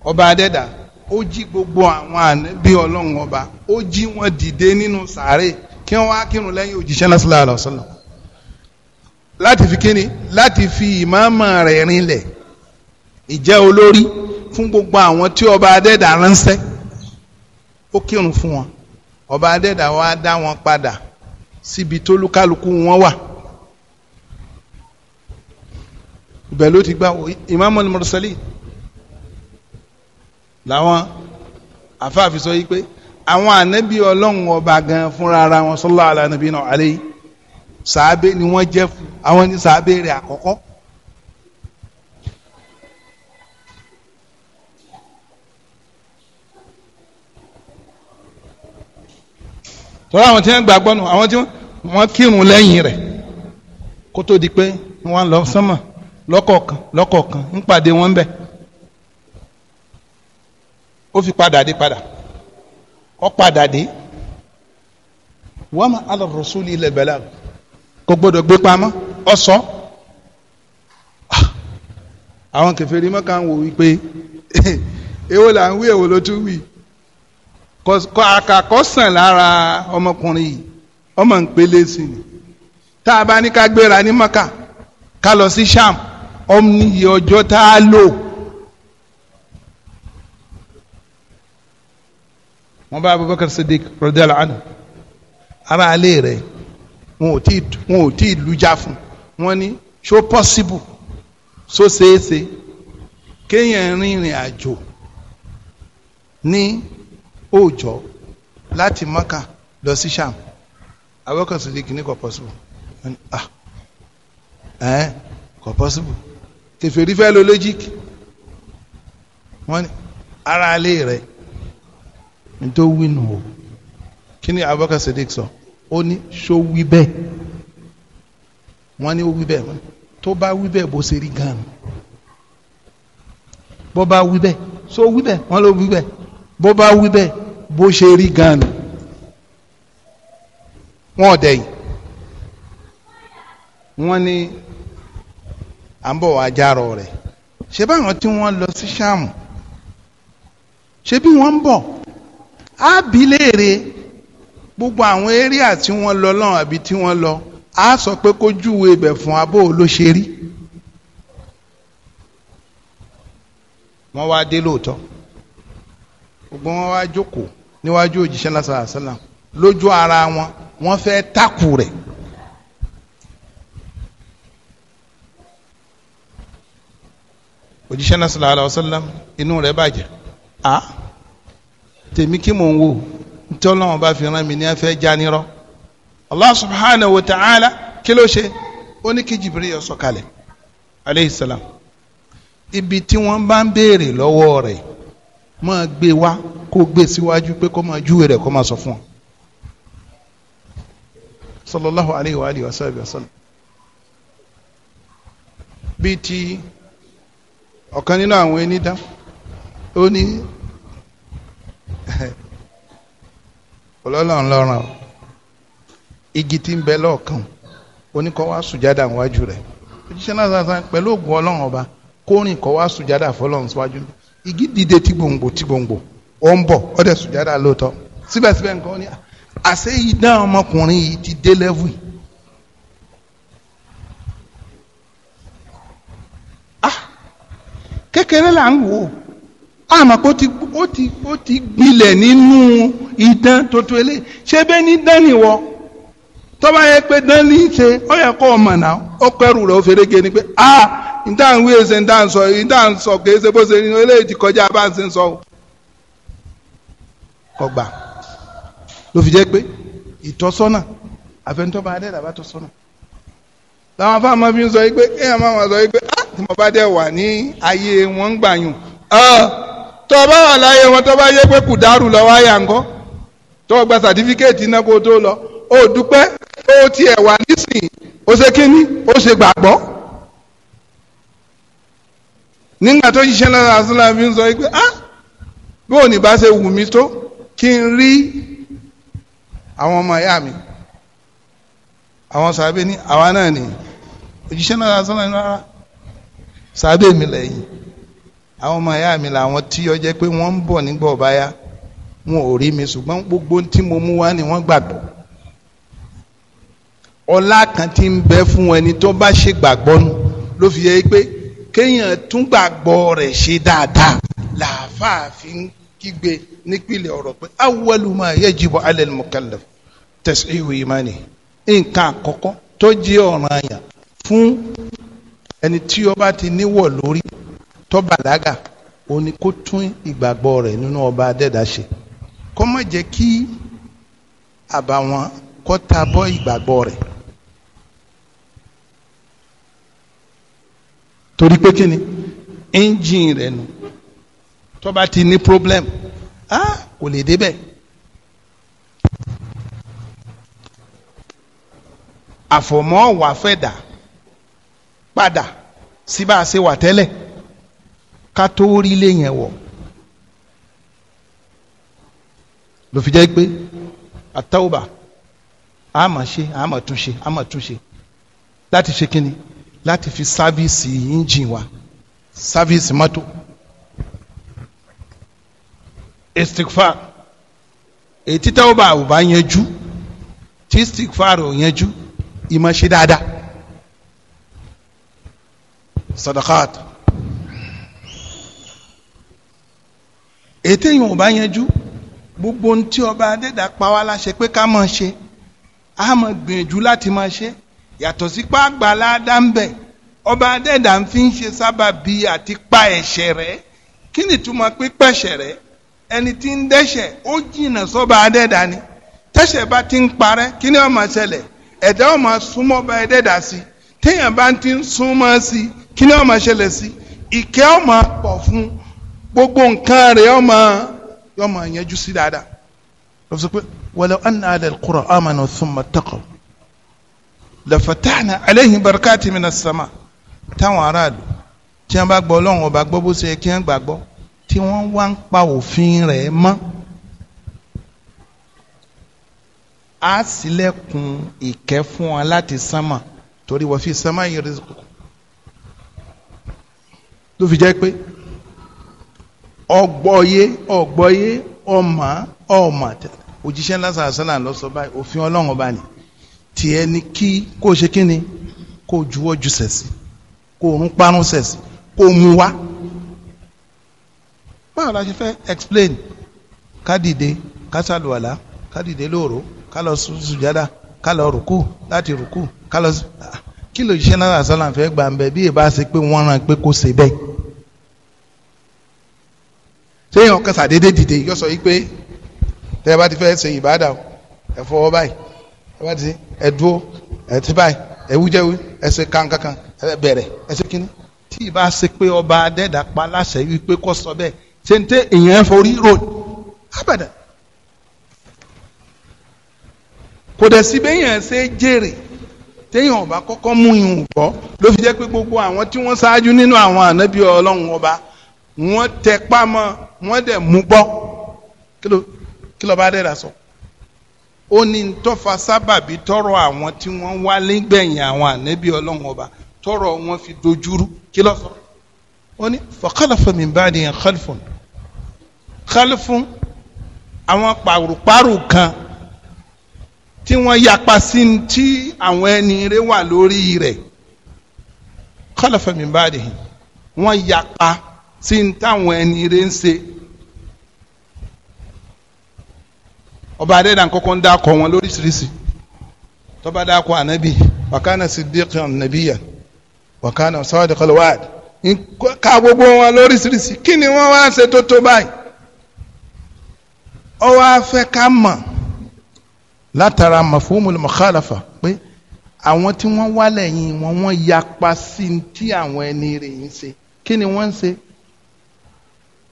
ọba adẹ́dà ó jí gbogbo àwọn ànábì ọlọ́run ọba ó jí wọn dìde nínú sàárè kí wọ́n á kírun lẹ́yìn òjíṣẹ́ náà sallallahu alayhi wa sallam láti fi kíni láti fi ìmáàmà rẹ̀ rinlẹ̀ ìjẹ́ olórí fún gbogbo àwọn tí ọba adẹ́dà ránṣẹ́ ó kírun fún wọn ọba adẹ́dà wa dá wọn padà síbi tó lúkálukú wọn wà ibẹ̀ ló ti gbà Imamul Mursalin làwọn àfáàfin sọ yìí pé àwọn ànábì ọlọ́run ọba gan fúnra ara wọn sallallahu ala nabina alayhi. sàábé ni wọ́n jẹ́ fún àwọn ní sàábé rẹ̀ àkọ́kọ́. tọ́lá àwọn tí wọ́n gbàgbọ́ nù àwọn tí lẹ́yìn rẹ̀ kó tó di pé wọ́n lọ sánmà lọ́kọ̀ọ̀kan lọ́kọ̀ọ̀kan ń pàdé wọn bẹ̀ ó fi padà dé padà padà dé wọ́n kò gbọdọ̀ gbé pamọ́ ọ̀sọ́ ah, àwọn kèfèrí mọ́kà ń wò wípé *laughs* èwo là ń wí èwo ló tún wí àkàkọ́ sàn lára ọmọkùnrin yìí ọmọ ń pélé sí ni tá a bá ní ká gbéra ní mọ́kà ká lọ sí sham ọmọ iye ọjọ́ tá a lò. wọ́n bá Abubakar Siddiq radiyallahu anhu ara alẹ́ rẹ̀ wọn ò tí wọn ò tí lùjà fún wọn ní ṣó possible so ṣeéṣe kéèyàn rìnrìn àjò ní òòjọ́ láti mọ́kà lọ sí sham awọ́kọ̀ sí kìíní kò possible ah ẹ̀ kò possible kẹfẹ́rí fẹ́ lo logic wọ́n ní ara alẹ́ rẹ̀ nítorí wínú o kí ni abọ́kọ̀ sọ. So? ó ní ṣó wí bẹ́ẹ̀ wọ́n ní ó wí bẹ́ẹ̀ tó bá wí bẹ́ẹ̀ bó ṣe rí gan-an bó bá wí bẹ́ẹ̀ ṣó wí bẹ́ẹ̀ wọ́n ló wí bẹ́ẹ̀ bó bá wí bẹ́ẹ̀ bó ṣe rí gan-an wọ́n ọ̀dẹ̀ yìí wọ́n ní à ń bọ̀ wá járọ rẹ̀ ṣé báwọn tí wọ́n lọ sí ṣáàmù ṣé bí wọ́n ń bọ̀ á bí léèrè gbogbo àwọn area tí wọ́n lọ lọ́hùn àbí tí wọ́n lọ á sọ pé kó júwe ibẹ̀ fún abó ló ṣe rí. wọ́n wá dé lóòótọ́ gbogbo wọn wá jókòó níwájú òjíṣẹ́ lásán lójú ara wọn wọ́n fẹ́ takù rẹ̀. òjíṣẹ́ náà sallallahu alaihi wasallam inú rẹ̀ bàjẹ́ a tèmi kí mò ń wò tí ọlọ́run bá fi rán mi ní afẹ́ janirọ́ allah subhanahu wa ta'ala kí ló ṣe ó ní kí jibril sọ̀kalẹ̀ aleyhi salam ibi tí wọ́n bá ń béèrè lọ́wọ́ rẹ̀ máa gbé wá kó gbé síwájú pé kó máa júwe rẹ̀ kó máa sọ fún ọ sallallahu alayhi wa alihi wa sallam bíi ti ọ̀kan nínú àwọn ẹni dá ó ní ọlọ́run lọ́rùn o igi tí ń bẹ lọ́ọ̀kan oníkọ́ wá sùjádà wájú rẹ̀ òjíṣẹ́ náà sàn sàn pẹ̀lú ògùn ọlọ́run ọba kórìn kọ́ wá sùjádà fọlọ́run síwájú igi dìde tí gbòǹgbò tí gbòǹgbò ó ń bọ̀ ó dẹ̀ sùjádà lóòótọ́ síbẹ̀síbẹ̀ nǹkan ní àṣẹ yìí ọmọkùnrin yìí ti dé lẹ́vù ah! kékeré là ń wò ó àmọ́ kó ti ó ti ó ti gbilẹ̀ nínú tuntun ilé ṣé bẹ́ẹ̀ ní dán nìwọ tọ́ba yẹ pé dán ní ṣe ó yẹ o mọ̀ náà ó kẹrù rẹ̀ ó ferege ni pé a níta ń wí ẹsẹ̀ níta ń sọ ti kọjá bá ń ṣe ń sọ o ló fi jẹ́ pé ìtọ́sọ́nà àfẹnutọ́ba adẹ́dà bá tọ́sọ́nà làwọn afáàmọ́ fi ń sọ yìí pé ah, wà sọ yìí pé tó o bá wà láyé wọn tó bá yẹ pé kùdárù lọ wá yà ńkọ́ tó o gba sàtífíkẹ́ẹ̀tì náà kó o tó lọ o dúpẹ́ tó o tiẹ̀ wà nísìnyí o ṣe kíní o ṣe gbàgbọ́ nígbà tó yíṣẹ́ náà àṣìlá fi ń sọ pé ah bí òní bá ṣe wù mí tó kí n rí àwọn ọmọ ìyá mi àwọn sàbẹ̀ ní àwa náà ni òjíṣẹ́ náà àṣìlá ní rárá sàbẹ̀ mi lẹ́yìn àwọn ọmọ ìyá mi làwọn tí ó jẹ́ pé wọ́n ń bọ̀ nígbà ọ̀báyá wọn ò rí mi ṣùgbọ́n gbogbo tí mo mú wá ni wọ́n gbàgbọ́ ọlá kan tí ń bẹ fún ẹni tó bá ṣe gbàgbọ́ nu ló fi yẹ pé kéèyàn tún gbàgbọ́ rẹ̀ ṣe dáadáa làáfàá fi ń kígbe nípìnlẹ̀ ọ̀rọ̀ pé awwalu ma yajibu ala al-mukallaf tashihu imani nǹkan àkọ́kọ́ tó jẹ́ ọ̀ranyàn fún ẹni tí ó bá ti níwọ̀ lórí tó bàlágà ó ní kó tún ìgbàgbọ́ rẹ̀ nínú ọba adẹ́dá ṣe kó jẹ́ kí àbàwọ́n kó ta bọ́ ìgbàgbọ́ rẹ̀ torí pé kí ni ẹ́ńjìn rẹ̀ nù tó ti ní problem ah kò lè débẹ̀. àfọ̀mọ́ wà fẹ́ dà padà sí wà tẹ́lẹ̀ ká tó rí ilé yẹn wọ̀ ló fi jẹ́ pé àtàwùbà àmọ̀ ṣe àmọ̀ tún ṣe àmọ̀ tún ṣe láti ṣe kínni láti fi sáfíìsì engine wa sáfíìsì mọ́tò istikfar èyí tí ò bá yanjú tí istikfar ò yanjú ìmọ̀ ṣe dáadáa sadaqat. ètè yìí ò bá yanjú gbogbo ohun tí ọba adẹ́dà pa wá láṣẹ pé ká máa ṣe á máa gbìyànjú láti máa ṣe yàtọ̀ sí pé àgbàlá dá ń bẹ̀ ọba adẹ́dà ń fi ń ṣe sábàbí àti pa ẹ̀ṣẹ̀ rẹ̀ kí ni túmọ̀ pé pẹ̀ṣẹ̀ rẹ̀ ẹni tí ń dẹ́ṣẹ̀ ó jìnnà sọ́ba adẹ́dà ni tẹ́ṣẹ̀ bá ti ń parẹ́ kí ni ó ṣẹlẹ̀ ẹ̀dá ó súnmọ́ ọba adẹ́dà sí téèyàn bá ti ń súnmọ́ sí kí ni ó ṣẹlẹ̀ sí ìkẹ́ ó pọ̀ fún un gbogbo nǹkan rẹ̀ yọ máa yọ máa yanjú sí dáadáa lọ sọ pé walaw anna ahlal qura amanu thumma taqaw la fatahna alayhim barakati minas sama táwọn aráàlú tí wọ́n bá gbọ́ Ọlọ́run ọba gbọ́ bó ṣe yẹ kí wọ́n gbàgbọ́ tí wọ́n wá ń pa òfin rẹ̀ mọ́ á ṣílẹ̀kùn ìkẹ́ fún wọn láti sánmà torí wọ́n fi sánmà yìí rí ló fi jẹ́ pé ọgbọ́yé ọgbọ́yé ọmọ ọmọ òjíṣẹ́ lásán àṣálà lọ sọ báyìí òfin ọlọ́run ọba ni tiẹ̀ ni kí kó ṣe kí ni kó juwọ́ ju sẹ̀sì kó òun parun sẹ̀sì kó mu wá. báwo la ṣe fẹ́ explain ká dìde ká ṣàlùwàlá ká dìde lóòró ká lọ sùjádà ká lọ rùkù láti rùkù ká lọ kí lòjíṣẹ́ lásán àṣálà fẹ́ gbà ń bẹ bí ìbá ṣe pé wọ́n rán pé kó ṣe bẹ́ẹ̀ téèyàn kan sàdédé dìde yóò sọ yìí pé tẹ ẹ bá ti fẹ́ ṣe ìbádà o ẹ fọwọ́ báyìí ẹ bá ti ẹ dúró ẹ ti báyìí ẹ wújẹwú ẹ ṣe kankankan ẹ bẹ̀rẹ̀ ẹ ṣe kíní tí ì bá ṣe pé ọba adẹ́dà pa láṣẹ wípé kó sọ bẹ́ẹ̀ ṣe ń tẹ èèyàn forí rò abàdà kò dẹ̀ sí bẹ́yàn ṣe jèrè téèyàn ọba kọ́kọ́ mú ìhùn bọ́ ló fi jẹ́ pé gbogbo àwọn tí wọ́n ṣáájú nínú àwọn ànábì ọlọ́run ọba wọ́n tẹpá mọ́ wọ́n dẹ̀ mú gbọ́ kí ló bá dẹ̀ dà sọ. ó ní tọ́fà sábàbí tọrọ àwọn tí wọ́n wá lẹ́gbẹ̀yìn àwọn ànẹ́bí ọlọ́run ọba tọrọ wọn fi dojúrú kí ló sọ. ó ní faqalafa min ba'dihim khalfun khalfun àwọn pàrùpàrù kan tí wọ́n yapa sí tí àwọn ẹni rẹ̀ wà lórí rẹ̀ khalafa min ba'dihim wọ́n yapa sí ní táwọn ẹni rẹ ń ṣe ọba adéda kọ́kọ́ ń dákọ wọn lóríṣiríṣi tọba dákọ ànábì wàkánà siddiqan nabiyyan wàkánà sadiqal wa'd ká gbogbo wọn lóríṣiríṣi kí ni wọn wá ṣe tó tó báyìí ó wá fẹ́ ká mọ̀ látara mafhumul mukhalafa pé àwọn tí wọ́n wá lẹ́yìn wọn wọ́n yapa sí ti àwọn ẹni rẹ̀ ń ṣe kí ni wọ́n ń ṣe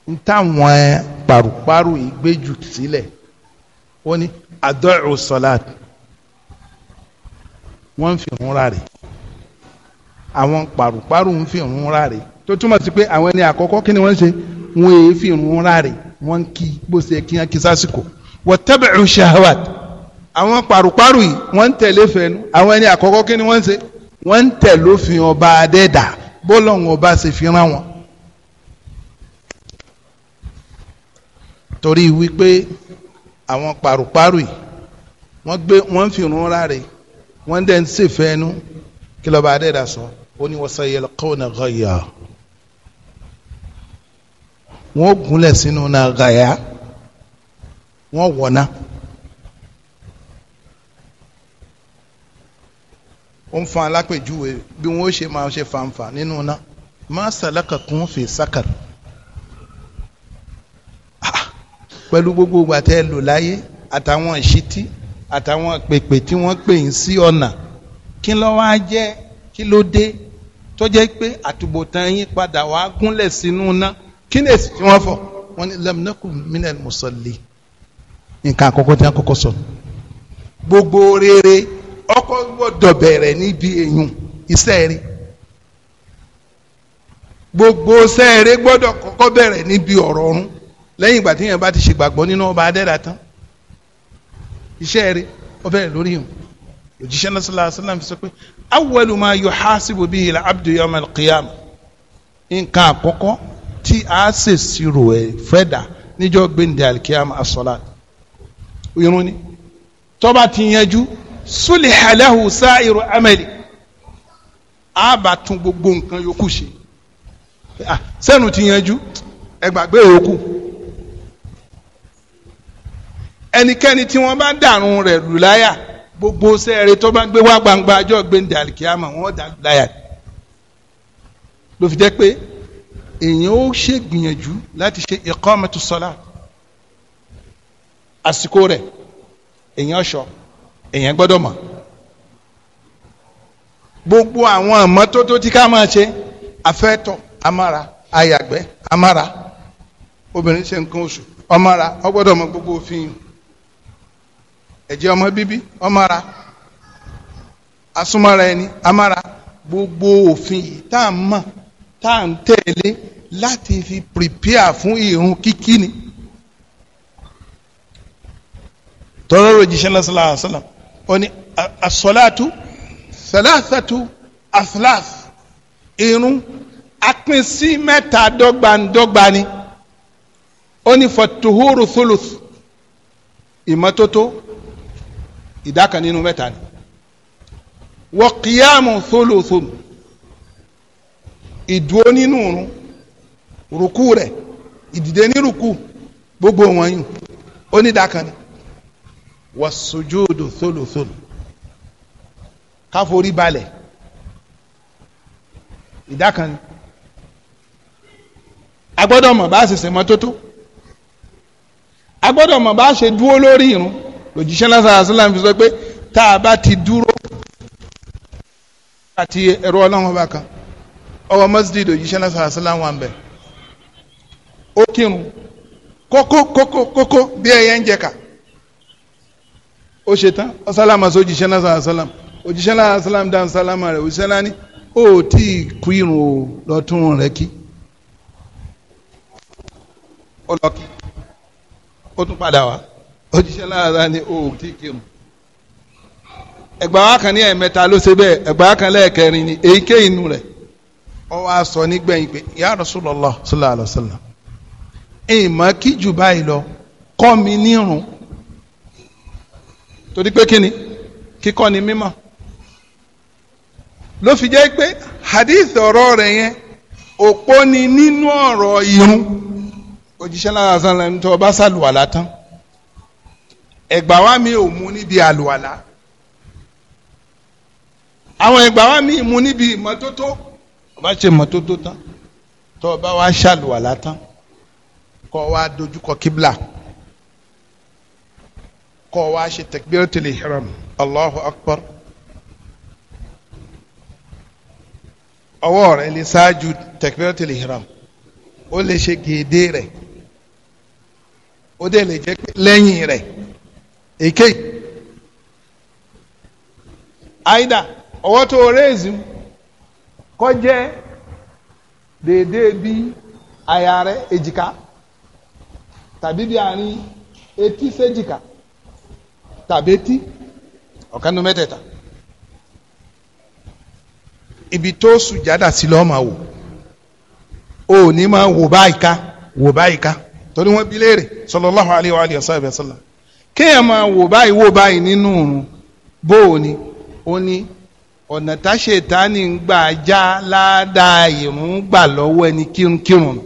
n táwọn paruparu ìgbéjù sílẹ̀ wọ́n ní adọ́ọ̀ sọ́láàt wọ́n ń fi ìrúnra rẹ̀ àwọn paruparu ń fi ìrúnra rẹ̀ tó túmọ̀ sí pé àwọn ẹni àkọ́kọ́ kí ni wọ́n ń ṣe wọ́n èé fi ìrúnra rẹ̀ wọ́n ń kí bó ṣe kí wọ́n kí sásìkò wọ́n tẹ́bẹ̀rù shahawat àwọn paruparu yìí wọ́n ń tẹ̀lé fẹ́nu àwọn ẹni àkọ́kọ́ kí ni wọ́n ṣe wọ́n ń tẹ̀lófin ọba adẹ́dà bọ́lọ̀ ọba ṣe fi rán wọn torí wípé àwọn paruparu yìí wọ́n gbé wọ́n fi rún ráre wọ́n dẹ̀ ń ṣèfẹ́ ẹnu kí lọ́ba adẹ́dà sọ ó ní wọ́n sọ yẹ kọ́ ọ̀nà gọ̀yà wọ́n gúnlẹ̀ sínú náà gàyà wọ́n wọ̀nà. ó ń fa alápèjúwe bí wọ́n ṣe máa ṣe fanfa nínú náà má sàlákà kún fi sákàrà. pẹ̀lú gbogbo ìgbà tẹ́ ẹ lò láyé àtàwọn ìṣítí àtàwọn pèpè tí wọ́n pè ń sí ọ̀nà kí ló wá jẹ́ kí ló dé tó jẹ́ pé àtúbọ̀tán yín padà wá gúnlẹ̀ sínú iná kí ni èsì tí wọ́n fọ̀ wọ́n ní lẹ́mùnẹ́kù minel musalli nǹkan àkọ́kọ́ tí wọ́n kọ́kọ́ sọ gbogbo rere ọkọ̀ gbọ́dọ̀ bẹ̀rẹ̀ níbi èèyàn iṣẹ́ rẹ̀ gbogbo sẹ́ẹ̀rẹ́ gbọ́dọ̀ kọ́kọ́ bẹ̀rẹ̀ níbi ọ̀rọ̀ ọ̀run lẹ́yìn ìgbà tí yẹn bá ti ṣe gbàgbọ́ nínú ọba adẹ́dà tán iṣẹ́ rẹ̀ ọbẹ̀ lórí yìí òjíṣẹ́ náà sallallahu alaihi wasallam fi sọ pé awwalu ma yuhasibu bihi al-abdu yawm al-qiyam nǹkan àkọ́kọ́ tí a ṣe ṣírò ẹ̀ fẹ́dà níjọ́ gbẹ̀ndẹ̀ al-qiyam irun ni tọ́ba ti yanjú suliha lahu sa'iru amali a bá tún gbogbo nǹkan yòókù ṣe ah, sẹ́nu ti yanjú ẹgbàgbé yòókù ẹnikẹ́ni tí wọ́n bá dàrún rẹ̀ lù láyà gbogbo sẹ́ẹ̀rẹ́ tó bá gbé wá gbangba ajọ́ gbẹ̀ndẹ̀ àlìkíyàmọ̀ wọ́n dà lù láyà ló fi jẹ́ pé èèyàn ó ṣe gbìyànjú láti ṣe ìkọ́mẹ́tò sọ́lá àsìkò rẹ̀ èèyàn ṣọ èèyàn gbọ́dọ̀ mọ̀ gbogbo àwọn àmọ́tótó tí ká máa ṣe afẹ́tọ̀ amára ayàgbẹ́ amára obìnrin ṣe nǹkan oṣù ọmọra ọgbọ́dọ̀ mọ gbogbo òfin yìí ẹ̀jẹ̀ ọmọ bíbí ọmọra asúmọ́ra ẹni amára gbogbo òfin yìí tá à ń mọ̀ tá à ń tẹ̀lé láti fi prepare fún ìrun kíkí ni. tọ́lá ròjìṣẹ́ lọ́sọ̀lá àṣọlá ó ní àṣọláàtú ṣàlàṣàtú àṣàlàṣ ìrun apin sí mẹ́ta dọ́gbandọ́gba ni ó ní fọ̀tùhúrù thuluth ìmọ́tótó ìdá kan nínú mẹ́ta ni wọ kíyàmù thuluthun ìdúró nínú òrùn rùkú rẹ̀ ìdìde ní rùkú gbogbo wọn yìí ó ní ìdá kan ni wọ sùjúdù thuluthun káforí balẹ̀ ìdá kan ni agbọ́dọ̀ mọ̀ bá ṣe ṣe mọ́tótó agbọ́dọ̀ mọ̀ bá ṣe dúró lórí irun lòjíṣẹ́ lásán àṣìlá fi sọ pé tá a bá ti dúró àti ẹ̀rọ ọlọ́run ọba kan ọwọ́ masjid òjíṣẹ́ lásán àṣìlá wà ń bẹ̀ ó kírun kókó kókó kókó bí ẹyẹ ń jẹka ó ṣe tán ọsálàmà sí òjíṣẹ́ lásán àṣìlá òjíṣẹ́ lásán àṣìlá dáhùn sálàmà rẹ̀ òjíṣẹ́ lá ní ó tí ì kú irun o lọ́tún rẹ̀ kí ó lọ kí ó tún padà wá. òjíṣẹ́ láàárọ̀ ni o ò kí mu ẹgbà wa kan ní ẹ̀mẹta ló ṣe bẹ́ẹ̀ ẹgbà wa kan lẹ́ẹ̀kẹrin ni èyíkéyìí inú rẹ̀ ó wá sọ nígbẹ̀yìn pé ya Rasulullah sallallahu ìmọ̀ kí jù báyìí lọ kọ́ mi nírun torí pé kí ni kíkọ́ ni mímọ́ ló fi jẹ́ pé hadith ọ̀rọ̀ rẹ̀ yẹn òpó ni nínú ọ̀rọ̀ irun òjíṣẹ́ láàárọ̀ sallallahu tó bá ṣàlùwàlá tán. ẹ̀gbà wa mi ò mu níbi àlùwàlà àwọn ẹ̀gbà wa mi mu níbi ìmọ́tótó ọba ṣe mọ́tótó tán tó o bá wá ṣàlùwàlà tán kó o dojúkọ kíbla kó o ṣe takbiratul ihram Allahu akbar ọwọ́ rẹ̀ lè ṣáájú takbiratul ihram ó lè ṣe gèdè rẹ̀ ó dẹ̀ lè jẹ́ lẹ́yìn rẹ̀ èké aida, ọwọ́ tó o kọ́ jẹ́ déédéé bí àyà rẹ èjìká tàbí bí àárín etí séjìká tàbí etí ọ̀kanu mẹ́tẹ̀ẹ̀ta ibi tó sùjádà sí lọ́ọ́ máa wò ó ní máa wò báyìí ká wò báyìí ká torí wọ́n bi léèrè sallallahu alayhi wa sallam kéèyàn máa wò báyìí wò báyìí nínú òrùn bó o ni ó ní ọ̀nà táṣetánì ń gbà já ládàá ìrún gbà lọ́wọ́ ẹni kírunkírun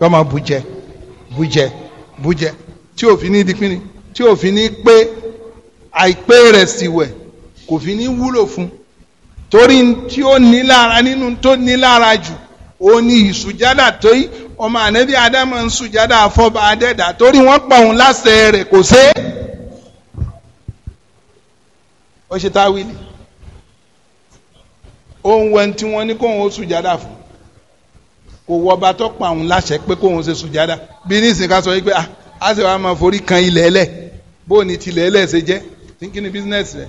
lọ́mọ bùjẹ bùjẹ bùjẹ tí òfin ní dipínì tí òfin ní pé àìpé rẹ̀ sì wẹ̀ kò fi ní wúlò fún torí tí ó ní lára nínú tó ní lára jù ó ní ìsùjádà tó yí ọmọ ànábì adamu ń sùjádà afọba adẹ́dà torí wọ́n pa òun láṣẹ rẹ̀ kò sé ó ṣe táwílì ó ń wẹ́n tí wọ́n ní kóun ó sùjádà fún kò wọ ọba tó pa òun láṣẹ pé kóun ṣe sùjádà bí ní ìsìn ká sọ wípé ah á sì wá máa forí kan ilẹ̀ ẹlẹ̀ bó o ní tilẹ̀ ẹlẹ̀ ṣe jẹ́ thinking in business rẹ̀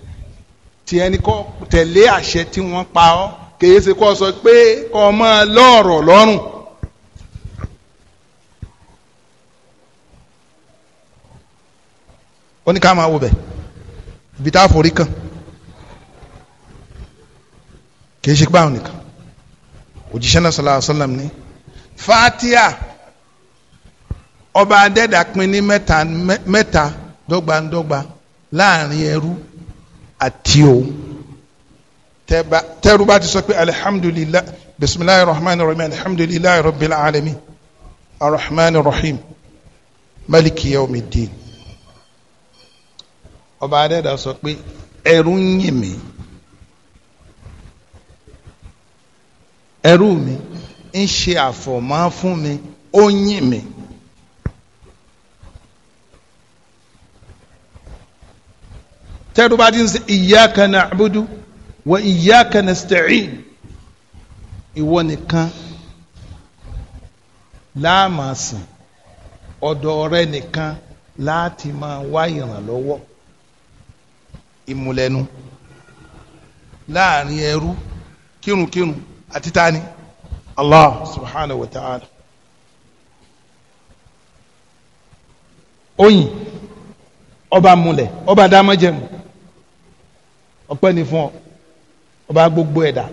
tiẹ̀ ni kọ́ tẹ̀lé àṣẹ tí wọ́n pa ọ́ kèé ṣe kọ́ sọ pé kọ́ lọ́ọ̀rọ̀ lọ́rùn. ó ní ká máa wo bẹ̀ ibi tá a forí kàn kì í ṣe báwọn nìkan òjíṣẹ́ náà sallallahu alaihi wasallam ní fatia ọba adẹ́dà pín ní mẹ́ta mẹ́ta dọ́gbandọ́gba láàrin ẹrú àti òun tẹ́rú bá ti sọ pé alihamdulilayi bisimilayi rahman rahim alihamdulilayi rabbil alamin arahman rahim maliki yawmiddin ọba adẹ́dà sọ pé ẹ̀rù ń yìn mí ẹ̀rù mi ń ṣe àfọ̀mọ́ fún mi ó ń yìn mí. tẹ́rù bá ti ń sẹ́ iyyaka na'budu wa iyyaka nasta'in ìwọ nìkan láàmásìn ọ̀dọ̀ rẹ nìkan láti máa wá ìrànlọ́wọ́ ìmúlẹ́nu láàrin ẹrú kírunkírun àti tani Allah subhanahu wa ta'ala oyin ọba múlẹ̀ ọba dámọ́jẹ̀mú ọpẹ́ ni fún ọ ọba gbogbo ẹ̀dá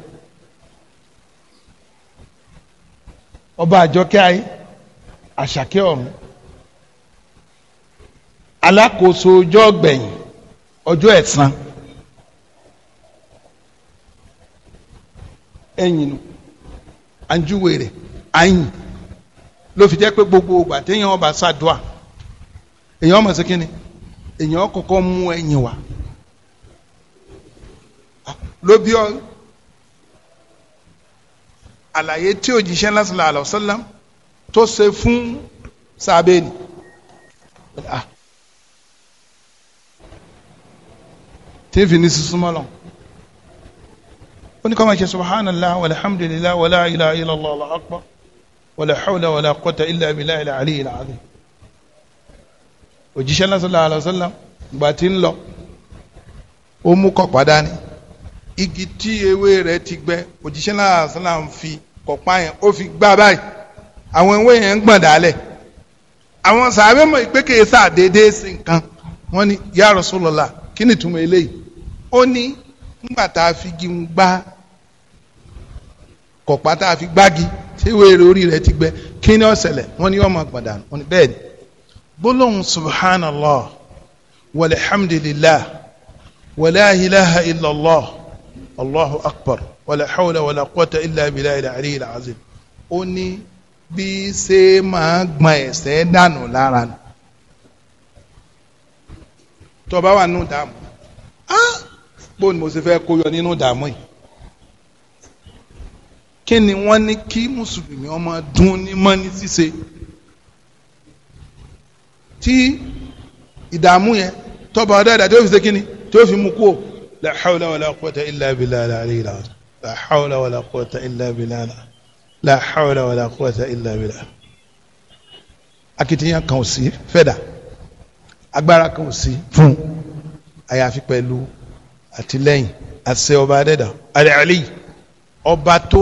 ọba àjọkẹ́ ayé àṣàkẹ́ ọ̀run alákòóso ọjọ́ gbẹ̀yìn ọjọ́ ẹ̀san ẹ̀yìn nu anjúwe rẹ̀ ayin ló fi jẹ́ pé gbogbo ògbà téèyàn ọba ṣàdúà èèyàn ọmọ sí kínni èèyàn kọ́kọ́ mú ẹ̀yìn wá ló bí ọ àlàyé tí òjíṣẹ́ lásìlá àlọ́sálàm tó ṣe fún sábẹ́ni. Ah, tí fi ní sísúnmọ́ lọ. ó ní kọ́ máa ṣe subhanallah walhamdulillah wala ilaha illallah wala akbar wala hawla wala quwwata illa billahi al-ali al-azim. òjíṣẹ́ náà sallallahu alaihi wasallam gbà tí ń lọ ó mú kọ̀pá dání igi tí ewé rẹ̀ ti gbẹ òjíṣẹ́ náà sallallahu alaihi wasallam fi kọ̀pá yẹn ó fi gbá báyìí àwọn ewé yẹn ń gbọ̀n dálẹ̀ àwọn sàbẹ̀mọ̀ ìpékèé sàdédé sí nǹkan wọ́n ní ya Rasulullah kí ni túmọ̀ eléyìí ó ní ńgbà tá a fi gi ń gbá kọ̀pá tá a fi gbági tí wèrè orí rẹ̀ ti gbẹ kí ni ó ṣẹlẹ̀ wọ́n ní ọmọ gbọ̀dàn wọ́n ní bẹ́ẹ̀ ni gbólóhùn subhanallah walhamdulillah wala ilaha illallah allahu akbar wala hawla wala quwwata illa billahi al azim ó ní bí ṣe máa gbọ̀n ẹ̀ṣẹ̀ dànù lára nù tọba wà nù dààmú bó ni mo ṣe fẹ́ kó yọ nínú ìdààmú yìí kí ni wọ́n ní kí mùsùlùmí ọmọ dún ní mọ́ni ṣíṣe tí ìdààmú yẹn tọba ọ̀dọ́dà tó fi ṣe kíni tó fi mú kúò la hawla wala quwwata illa billahi alali la la hawla wala quwwata illa billahi la hawla wala quwwata illa billahi akitiyan kan ò sí fẹ́dà kan ò sí fún àyàfi àti lẹ́yìn àṣẹ ọba adẹ́dà alẹ́àlì ọba tó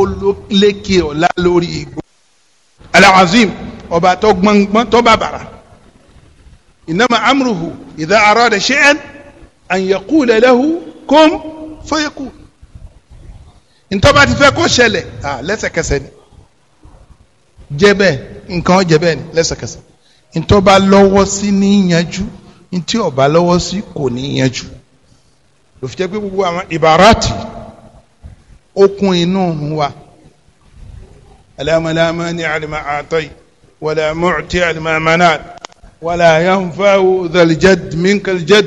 lékè ọ̀la lórí igbó alazim ọba tó gbọ̀ngbọ̀n tó bàbàrà ìnáma amúruhù ìdá arada shay'an an yaqula lahu kum fayakun ntọ́ba ti fẹ́ kó ṣẹlẹ̀ lẹ́sẹ̀kẹsẹ̀ ni jẹ́bẹ̀ nǹkan jẹ́bẹ̀ ni lẹ́sẹ̀kẹsẹ̀ ntọ́ba lọ́wọ́ sí ní yanjú ntí ọba lọ́wọ́ sí kò ní yanjú ló fi jẹ́ pé gbogbo àwọn ìbáraàtì okun inú wa alámàlámà ní àlùmá àtọ́yì wàlá mọ́ọ̀tì àlùmá manáà wàlá yanfàwù zalijad minkalijad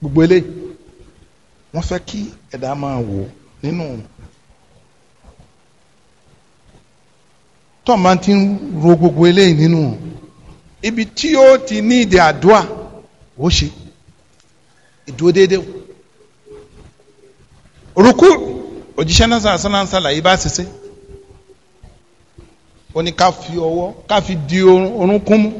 gbogbo eléyìí wọ́n fẹ́ kí ẹ̀dá máa wò nínú tó máa ti ń ro gbogbo eléyìí nínú ibi tí ó ti ní ìdè àdúrà ó ṣe ìdúró déédéé o rúkú òjíṣẹ́ náà sàn sàn sàlàyé bá ṣiṣẹ́ ó ní ká fi ọwọ́ ká fi di orúnkún mú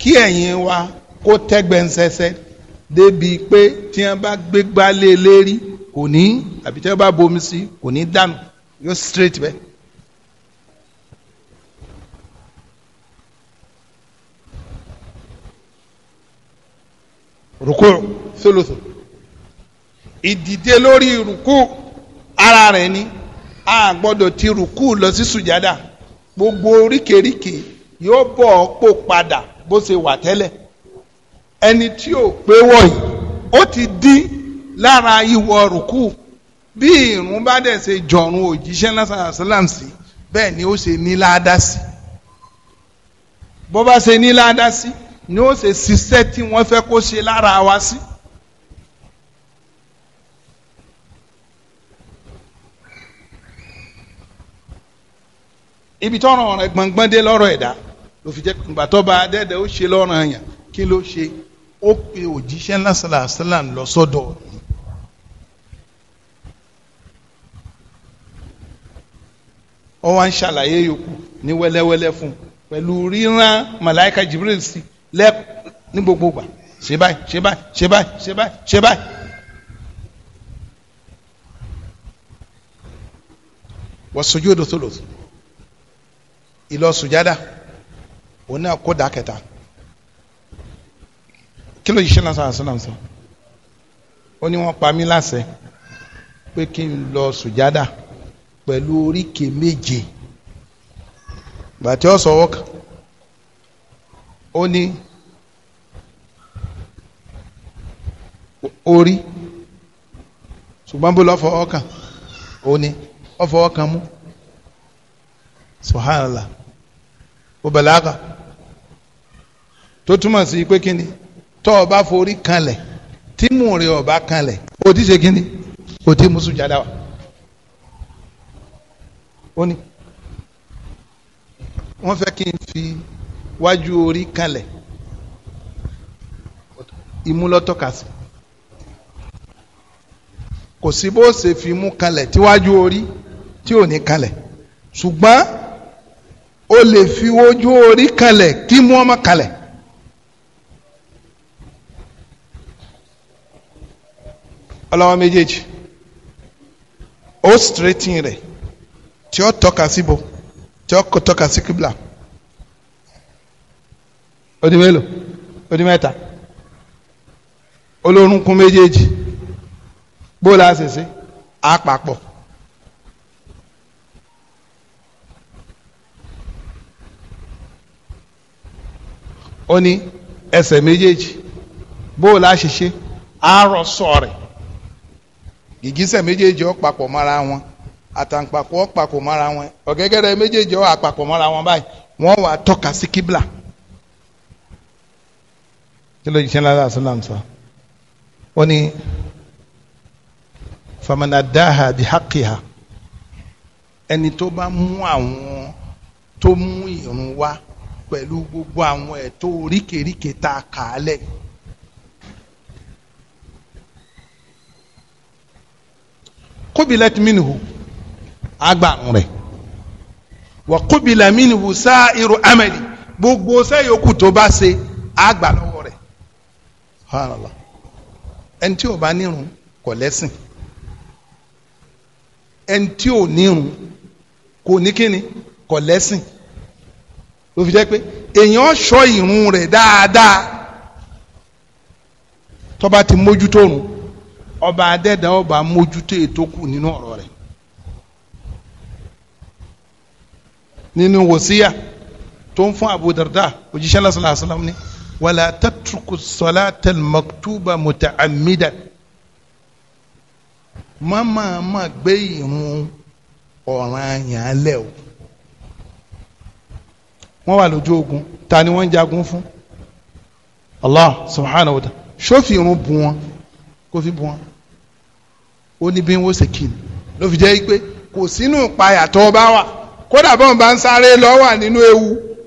kí ẹ̀yìn wa kó tẹ́gbẹ̀nsẹsẹ débi pé tí wọ́n bá gbé gbálé lérí kò ní àbí tí wọ́n bá bomi sí kò ní dànù yóò straight bẹ́ẹ̀. rukú sólòsò ìdìde lórí rukú ara rẹ̀ ni a gbọ́dọ̀ ti rukú lọ sí sùjádà gbogbo oríkèéríkèé yóò bọ̀ ọ́ pò padà bó ṣe wà tẹ́lẹ̀ ẹni tí ò pé wọ̀nyí ó ti dín lára ìwọ rukú bí irun bá dẹ̀ ṣe jọ̀run òjíṣẹ́ lásán àṣálàm sí bẹ́ẹ̀ ni ó ṣe ní láadá sí bó bá ṣe ní láadá sí. Si ni ó ṣe ṣiṣẹ́ tí wọ́n fẹ́ kó ṣe lára wa sí. ibi tọrọ ọ̀ràn gbọ̀ngbọ́n dé lọ́rọ̀ ẹ̀dá ló fi jẹ́ gbàtọ́ba adẹ́dẹ́ ó ṣe lọ́rọ̀ àyàn kí ló ṣe ó pe òjíṣẹ́ lásìlá àṣìlá lọ sọ́dọ̀ ọ wá ń ṣàlàyé yòókù ní wẹ́lẹ́wẹ́lẹ́ fún un ríran màláìka Jibril sí i lẹ ní gbogbo gbà ṣe báyìí ṣe báyìí ṣe báyìí ṣe báyìí ṣe báyìí. wọ́n sojú odò tó lò ìlọ sùjádà òun náà kó dàá kẹta kí ló yìí ṣe lásán àṣẹ náà sọ ó ní wọ́n pa mí láṣẹ pé kí n lọ sùjádà pẹ̀lú oríkèé méje bàtí ọ̀sọ̀ wọ́kàn. ó ní orí ṣùgbọ́n bó lọ fọwọ́ kàn ó ní ó fọwọ́ kàn mú subhanallah ó bàlágà tó túmọ̀ sí pé bá forí kanlẹ̀ tí mò ń rí ọba kanlẹ̀ ó ti ṣe ti mú wa ó ní wọ́n fi. wájú orí kanlẹ̀ ìmúlọ́tọ́ka sí kò sí bó ṣe fi mú kanlẹ̀ tíwájú orí tí ò ní kanlẹ̀ ṣùgbọ́n o lè fi ojú orí kanlẹ̀ kí mú ọmọ kanlẹ̀. ọlọ́wọ́ méjèèjì ó straighten rẹ̀ tí ó tọ́ka síbo tí ó tọ́ka sí kíbla. Si Odi di mélòó ó di mẹ́ta olórúnkún méjèèjì bóòlù àṣẹṣe àpapọ̀ ó ní ẹsẹ̀ méjèèjì bóòlù àṣẹṣe àròsọ rẹ̀ gìgísẹ̀ méjèèjì ó papọ̀ mọ́ra wọn àtàǹpàkò ó papọ̀ mọ́ra wọn ọ̀gẹ́gẹ́rẹ́ méjèèjì ó àpapọ̀ mọ́ra wọn báyìí wọ́n wàá tọ́ka sí kíbla kí ló jíṣẹ́ lára àṣàlám sọ ó ní famanadaha bihakiha ẹni tó bá mú àwọn tó mú ìrun wá pẹ̀lú gbogbo àwọn ẹ̀tọ́ oríkèéríkèé tá a kà á lẹ̀. kubilat minhu agba rẹ̀ wa kubila minhu sa'iru amali gbogbo sẹ́yọkù tó bá se, agba lọ́wọ́ subhanallah ẹni tí ò bá nírun kò lẹ́sìn ẹni tí ò nírun kò ní kíni kò lẹ́sìn ló fi jẹ́ pé èèyàn sọ ìrun rẹ̀ dáadáa tó bá ti mójútó òrùn ọba adẹ́dàá ọba mójútó ètò kù nínú ọ̀rọ̀ rẹ̀ nínú wòsíyà tó ń fún Abu Darda òjíṣẹ́ lásìlá àsìlám ní. ولا تترك الصلاة المكتوبة mutaamidan ما ما ما gbé ìrun ọ̀ranyàn alẹ́ o wọ́n wà lójú ogun ta ni wọ́n ń jagun fún Allah subhanahu wa ta'ala sófì irun bu wọn kó fi bu wọn ó ní bí wọ́n ṣe kí ni ló fi jẹ́ pé kò sínú ìpayà tó bá wà kódà bọ́n bá ń sáré lọ nínú ewu.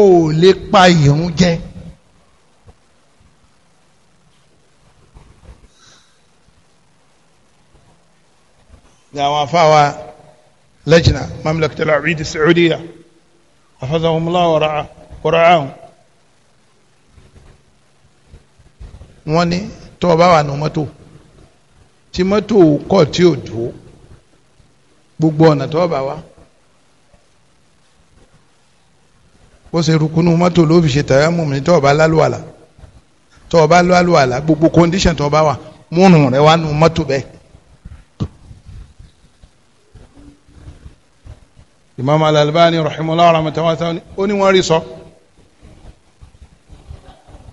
ò lè pa ìrun jẹ. ní àwọn afáwa lẹ́jìnà mamlakta al-arabia saudiya afazahumula waraahun wọ́n ní tó bá wà nù mọ́tò tí mọ́tò kọ̀ tí ò dúró gbogbo ọ̀nà tó bá wà. bó ṣe rukunu mọ́tò ló fi ṣe tàyámù mi tó o bá lálùwàlà tó o bá lálùwàlà gbogbo kọ́ndíṣàn tó o wà múnú rẹ wà nù mọ́tò bẹ́ẹ̀. Imam Al-Albani rahimahullah rahmatan wasa ó ní wọ́n rí sọ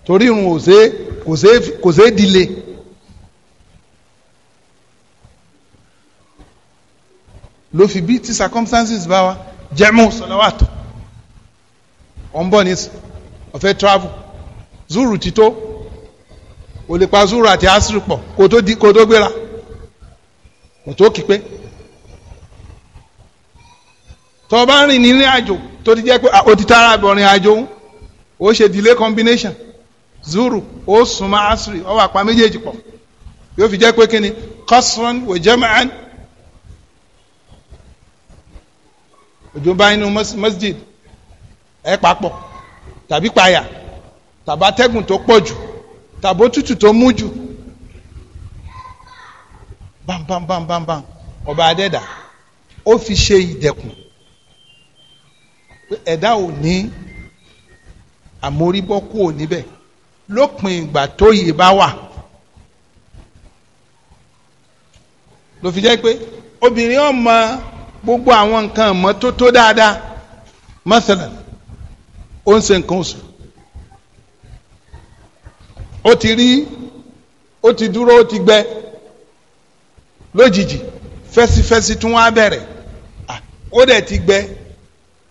torí irun ò ṣe kò ṣe kò ṣe dìle. ló fi bí tí circumstances bá wa jẹ́mu sọ̀lọ́wàtò. ọ̀nbọ̀ ní ọ̀fẹ́ travel zuru tito o lè pa zuru àti asiri pọ̀ kó tó di kó tó gbéra kó tó kípé tó bá rìn àjò tó ti jẹ́ pé o ti tara bọ̀rin àjò o ṣe delay combination zuru o suma asiri ọ wà pa méjèèjì pọ̀ yóò fi jẹ́ pé kí ni kọ́sán wò jẹ́mọ́án òjò bá inú masjid. Mas ẹ papọ̀ tàbí payà tàbátẹ́gùn tó pọ̀ jù tàbó tútù tó mú jù bámbámbámbámbám ọba adẹ́dà ó fi ṣe ìdẹ̀kùn ẹ̀dá ò ní àmóríbọ́kú ò níbẹ̀ lópin ìgbà tó yè bá wà ló fi jẹ́ pé obìnrin ọmọ gbogbo àwọn nǹkan mọ́tótó dáadáa mọ́sálàmù ó ń ṣe nǹkan oṣù ó ti rí ó ti dúró ó ti gbẹ lójijì fẹsifẹsi tún wá bẹ̀rẹ̀ ó dẹ̀ ti gbẹ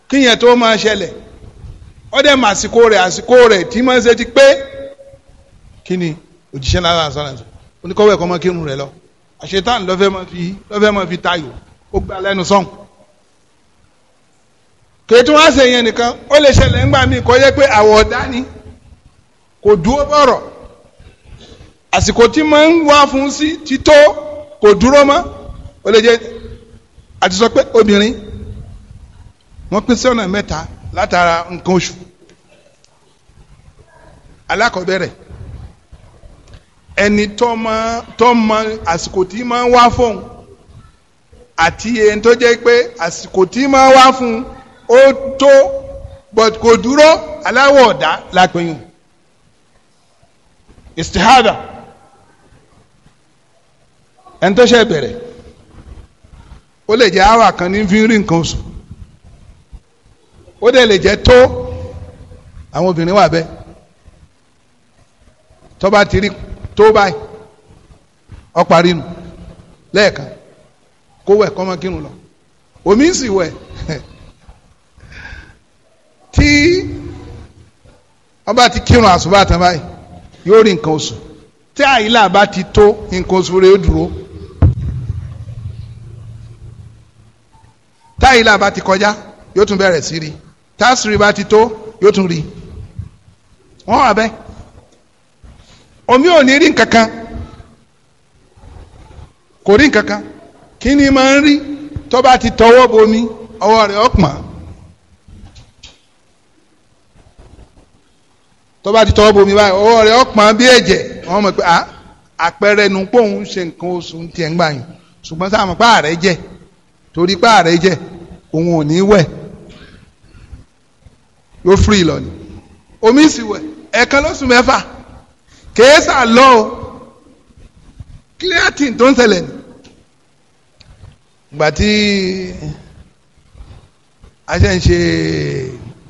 kíyẹn tó máa ṣẹlẹ̀ ó dẹ̀ mà àsìkò rẹ̀ àsìkò rẹ̀ tí máa ṣe ti pé kí ni òjíṣẹ́ náírà sọ̀rọ̀ sọ̀rọ̀ oníkọ́wé ẹ̀kọ́ máa kírun rẹ̀ lọ àṣetán lọ́fẹ́ máa fi lọ́fẹ́ máa fi tayò ó gbà lẹ́nu sọ́hùn kètù wá ṣe yẹn nìkan ó lè ṣẹlẹ̀ ńgbà míì kọ́ yẹ pé àwọ̀ ọ̀dá ni kò dúró bọ̀rọ̀ àsìkò tí máa ń wá fún sí ti tó kò dúró mọ́ ó lè jẹ́ àti sọ pé obìnrin wọ́n pín sí ọ̀nà mẹ́ta látara nǹkan oṣù alákọ̀ọ́bẹ̀rẹ̀ ẹni tó mọ àsìkò tí máa ń wá fóun àti ẹni tó jẹ́ pé àsìkò tí máa ń wá fún un ó tó but kò dúró aláwọ̀ ọ̀dá lápẹ̀yìn istihada ẹni tó ṣe bẹ̀rẹ̀ ó lè jẹ́ awa kan ní fi ń rí nǹkan oṣù ó dẹ̀ lè jẹ́ tó àwọn obìnrin wà bẹ́ẹ̀ tó bá ti rí tó báyìí ó parí nù lẹ́ẹ̀kan kó wẹ̀ kọ́mọkínú lọ omi ń sì wẹ̀ *laughs* tí ọba ti kírun àsùbá tán báyìí yóò rí nǹkan oṣù tí àyílà bá ti tó nǹkan oṣù rẹ̀ dúró tí àyílà bá ti kọjá yóò tún bẹ̀rẹ̀ sí rí tí àṣírí bá ti tó yóò tún rí wọ́n wà bẹ́ẹ̀ omi ò ní rí nǹkan kan kò rí nǹkan kan kí ni máa ń rí tó bá ti tọwọ́ bomi ọwọ́ rẹ̀ ọ̀pọ̀n. tó bá ti tọ́ bomi báyìí ọwọ́ rẹ̀ ọ̀pọ̀n bí ẹ̀jẹ̀ wọ́n mọ̀ pé ah, àpẹẹrẹ nu pé òun ṣe nǹkan oṣù tiẹ̀ ń gbà yín ṣùgbọ́n sáà mọ̀ pé ààrẹ jẹ̀ torí pé ààrẹ jẹ̀ òun ò ní wẹ̀ yóò firi lọ ni omi sì wẹ̀ ẹ̀ẹ̀kan lóṣù mẹ́fà kèésà lọ o tó ń ṣẹlẹ̀ ni gbàtí a ṣe ń ṣe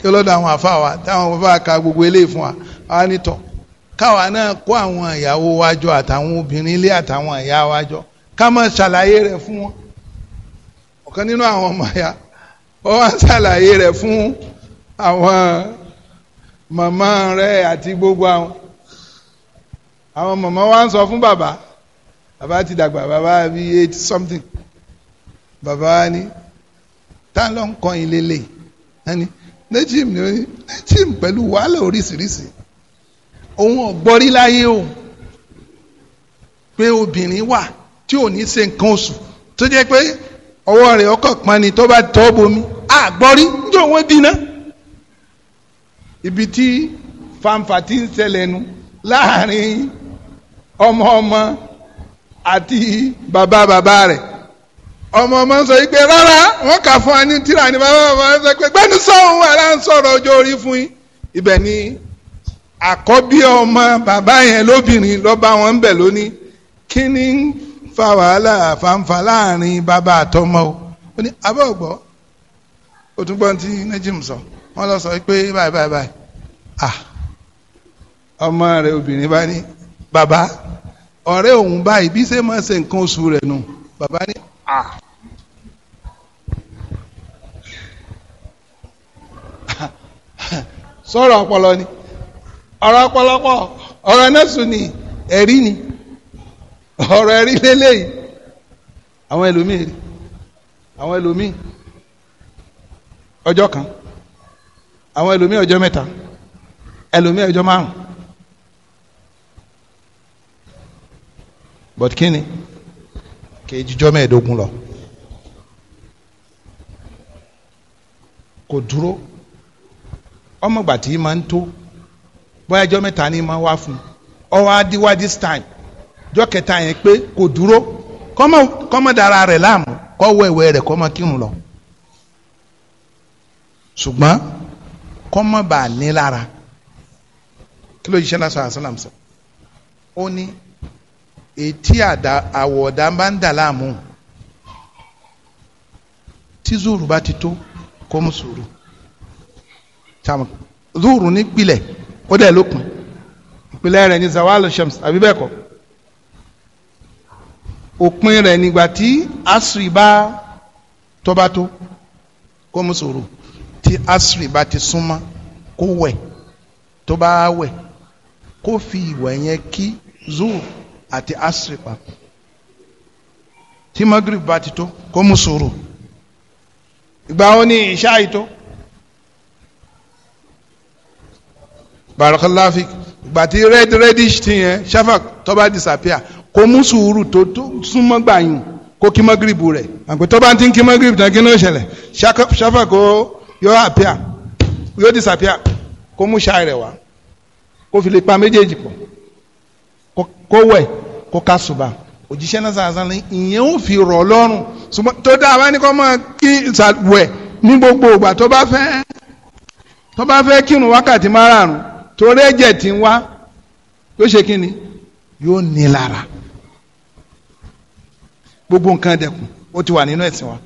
kí ọlọ́dọ̀ àwọn àfa wa táwọn bàbá ka gbogbo eléyìí fún wa wa ní tọ̀ káwa náà kó àwọn ìyàwó wájọ àtàwọn obìnrin ilé àtàwọn ìyá wájọ ká máa ṣàlàyé rẹ̀ fún wọn ọ̀kan nínú àwọn ọmọ ya wọ́n wá ṣàlàyé rẹ̀ fún àwọn màmá rẹ̀ àti gbogbo àwọn àwọn màmá wa ń sọ fún bàbá bàbá ti dàgbà bàbá bí eight something bàbá wa ní tá ló ń kọ́ ilé lè ní nejim ni nejim pẹ̀lú wàhálà oríṣiríṣi òun ọ̀gbọ́rí láyé o pé obìnrin wà tí ò ní ṣe nǹkan oṣù tó jẹ́ pé ọwọ́ rẹ̀ ọkọ̀ pọn ni tó bá tọ́ bomi àgbọ́rí níjọ́ wọn dínà ibi tí fanfa ti ń ṣẹlẹ̀ nu láàrin ọmọ ọmọ àti bàbá bàbá rẹ̀ ọmọ ọmọ ń sọ yìí pé rárá wọn kà fún wa ní tíra ní bàbá ọmọ ń sọ pé gbẹ́ni sọ̀hún wà láń sọ̀rọ̀ ọjọ́ orí fún yín ibẹ̀ ni àkọ́bí ọmọ bàbá yẹn lóbìnrin lọ́ba wọn ń bẹ̀ lónìí kí ni ń fa wàhálà fanfa láàrin bàbá àtọmọ o ó ní abẹ́ ọ̀gbọ́ ó tún gbọ́n tí nejim sọ wọ́n lọ sọ pé báyìí báyìí báyìí ah ọmọ rẹ obìnrin bá ní bàbá ọ̀rẹ́ òun báyìí bí ṣe máa ṣe nǹkan oṣù rẹ̀ nù bàbá ní Ah. sọ̀rọ̀ ọpọlọ ni ọ̀rọ̀ ọpọlọpọ̀ ọ̀rọ̀ nẹ́sùn ni ẹ̀rí ni ọ̀rọ̀ ẹ̀rí lélẹ́yìí àwọn ẹlòmíì rí àwọn ẹlòmíì ọjọ́ kan àwọn ẹlòmíì ọjọ́ mẹ́ta ẹlòmíì ọjọ́ márùn-ún but kí ni. kejijọ́ mẹ́ẹ̀ẹ́dógún lọ. kò dúró ọmọgbà tí máa ń tó bóyá ọjọ́ mẹ́ta ni máa wá fún ọ wá díwá this time ọjọ́ kẹta yẹn pé kò dúró kọ́mọ dára rẹ̀ láàmú kọ́ wẹ̀wẹ̀ rẹ̀ kọ́mọ kírun lọ ṣùgbọ́n kọ́mọ bá a kí ló yíṣẹ́ lásán àṣàlám ó ní etí àwọ̀dá bá ń dà láàmú tí zuru bá ti tó kó mú sùúrù zuru ní gbilẹ̀ ó dẹ̀ lópin ìpìlẹ̀ rẹ̀ ní zawal shams àbí bẹ́ẹ̀ kọ́ òpin rẹ̀ nígbà tí asri bá tọ́ba tó kó mú sùúrù tí asri bá ti súnmọ́ kó wẹ̀ tó bá wẹ̀ kó fi ìwẹ̀ yẹn kí zuru àti asiri papọ̀ tí magrib bá ti tó kó mú sùúrù ìgbà wo ni ìṣá yìí tó barakallahu ìgbà tí red reddish ti yẹn shafak tó disappear kó mú sùúrù tó tó súnmọ́ gbàyìn kó kí magrib rẹ̀ àgbẹ̀ tó bá ti ń kí magrib tán kí ní ó ṣẹlẹ̀ shafak yọ appear yóò disappear kó mú ṣáà rẹ̀ wá kó fi lè pa méjèèjì pọ̀ kó wẹ̀ kó ká ṣùbà òjíṣẹ́ náà sàásán ni ìyẹn ò fi rọ̀ lọ́rùn ṣùgbọ́n tó dáa bá ní kó máa kí wẹ̀ ní gbogbo ìgbà tó bá fẹ́ tó bá fẹ́ kírun wákàtí márààrún torí ẹ̀jẹ̀ tí ń wá yóò ṣe kí ni yóò ní lára gbogbo nǹkan dẹkùn ó ti wà nínú ẹ̀sìn wa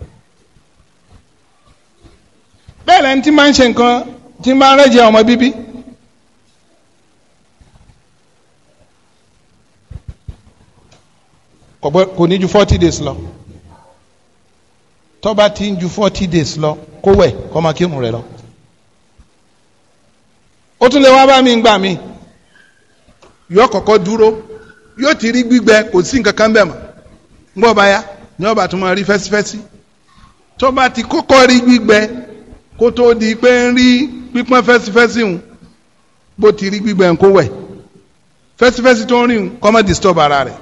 bẹ́ẹ̀ lẹ́ni tí máa ń ṣe nǹkan tí máa ń rẹ́jẹ ọmọ bíbí kò ní ju forty days lọ tó bá ti ń ju forty days lọ kó wẹ̀ kó máa kírun rẹ̀ lọ. ó tún lè wá bá mi gbà mí yóò kọ́kọ́ dúró yóò ti rí gbígbẹ kò sí nǹkan kan bẹ̀ mọ́ ń bá yá ni wọ́n tún máa rí fẹ́sífẹ́sí tó ti kọ́kọ́ rí gbígbẹ kó tó di pé ń rí pípọ́n fẹ́sífẹ́sí hùn bó ti rí gbígbẹ ń kó wẹ̀ fẹ́sífẹ́sí tó ń rí hùn kó má disturb ara rẹ̀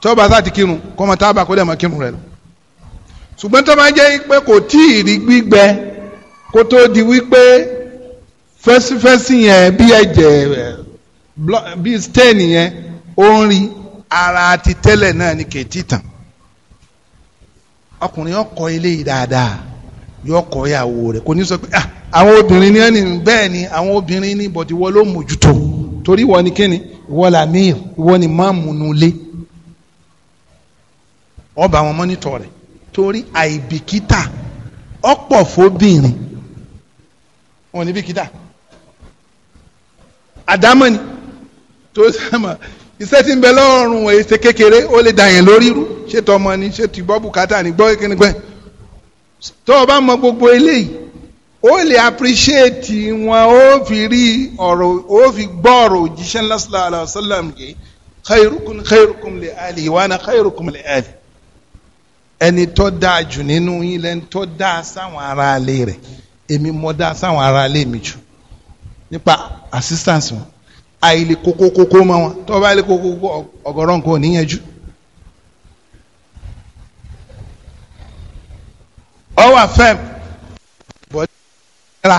tí ó bá sá ti kírun kọ́ mọ tábà kó dẹ̀ mọ kírun rẹ̀ lọ. ṣùgbọ́n tó máa jẹ́ pé kò tí ì rí gbígbẹ kó tó di wípé fẹ́sífẹ́sí yẹn bí ẹ̀jẹ̀ bí stain yẹn ó ń rí ara ti tẹ́lẹ̀ náà ni kèétí tàn ọkùnrin ọkọ eléyìí dáadáa yóò kọ ìyàwó rẹ̀ kò ní sọ pé ah, àwọn obìnrin ní bẹ́ẹ̀ ni àwọn obìnrin ní bọ̀dìwọ́ ló mójútó torí ìwọ ni kíni ìwọ làmíì ìwọ ni máàmù nulẹ̀ ọba àwọn mọ́nítọ̀ rẹ̀ torí àìbìkítà ọ̀pọ̀ fóbìnrin wọn ní bìkítà àdámọ́ ni tó sàmà iṣẹ́ tí ń bẹ lọ́rùn ẹ̀ ṣe kékeré ó lè dà yẹn lórí rú ṣé tọmọ ni ṣé tìgbọ́ bùkátà ni gbọ́ kíni gbẹ́ tó o bá mọ gbogbo eléyìí ó lè appreciate wọn ó fi rí ọ̀rọ̀ ó fi gbọ́ ọ̀rọ̀ òjíṣẹ́ ńlá sallallahu yìí khairukum khairukum li ahlihi wa ana khairukum li ahlihi ẹni tó dáa jù nínú yín lẹni tó dáa sáwọn ará ilé rẹ̀ èmi mọ dáa sáwọn ará ilé mi jù nípa assistance wọn àìlè kókókókó mọ wọn tó bá lè kókókó ọ̀gọ̀rọ̀ nǹkan ò níyẹn jù. ọwà fẹm bọdí ra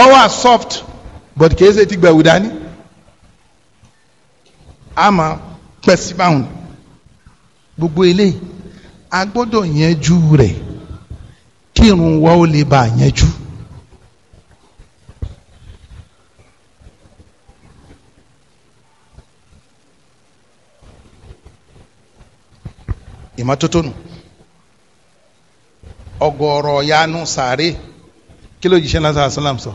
ọwà soft bọdí kìí ṣe ti gbẹwù dání àmà pẹ̀sì gbogbo eléyìí a gbọ́dọ̀ yanjú rẹ̀ kí irun wa ó lè bá a yanjú. ìmọ́tótó nù ọ̀gọ̀rọ̀ yanu sàárè kí ló jíṣẹ́ náà sàlám sọ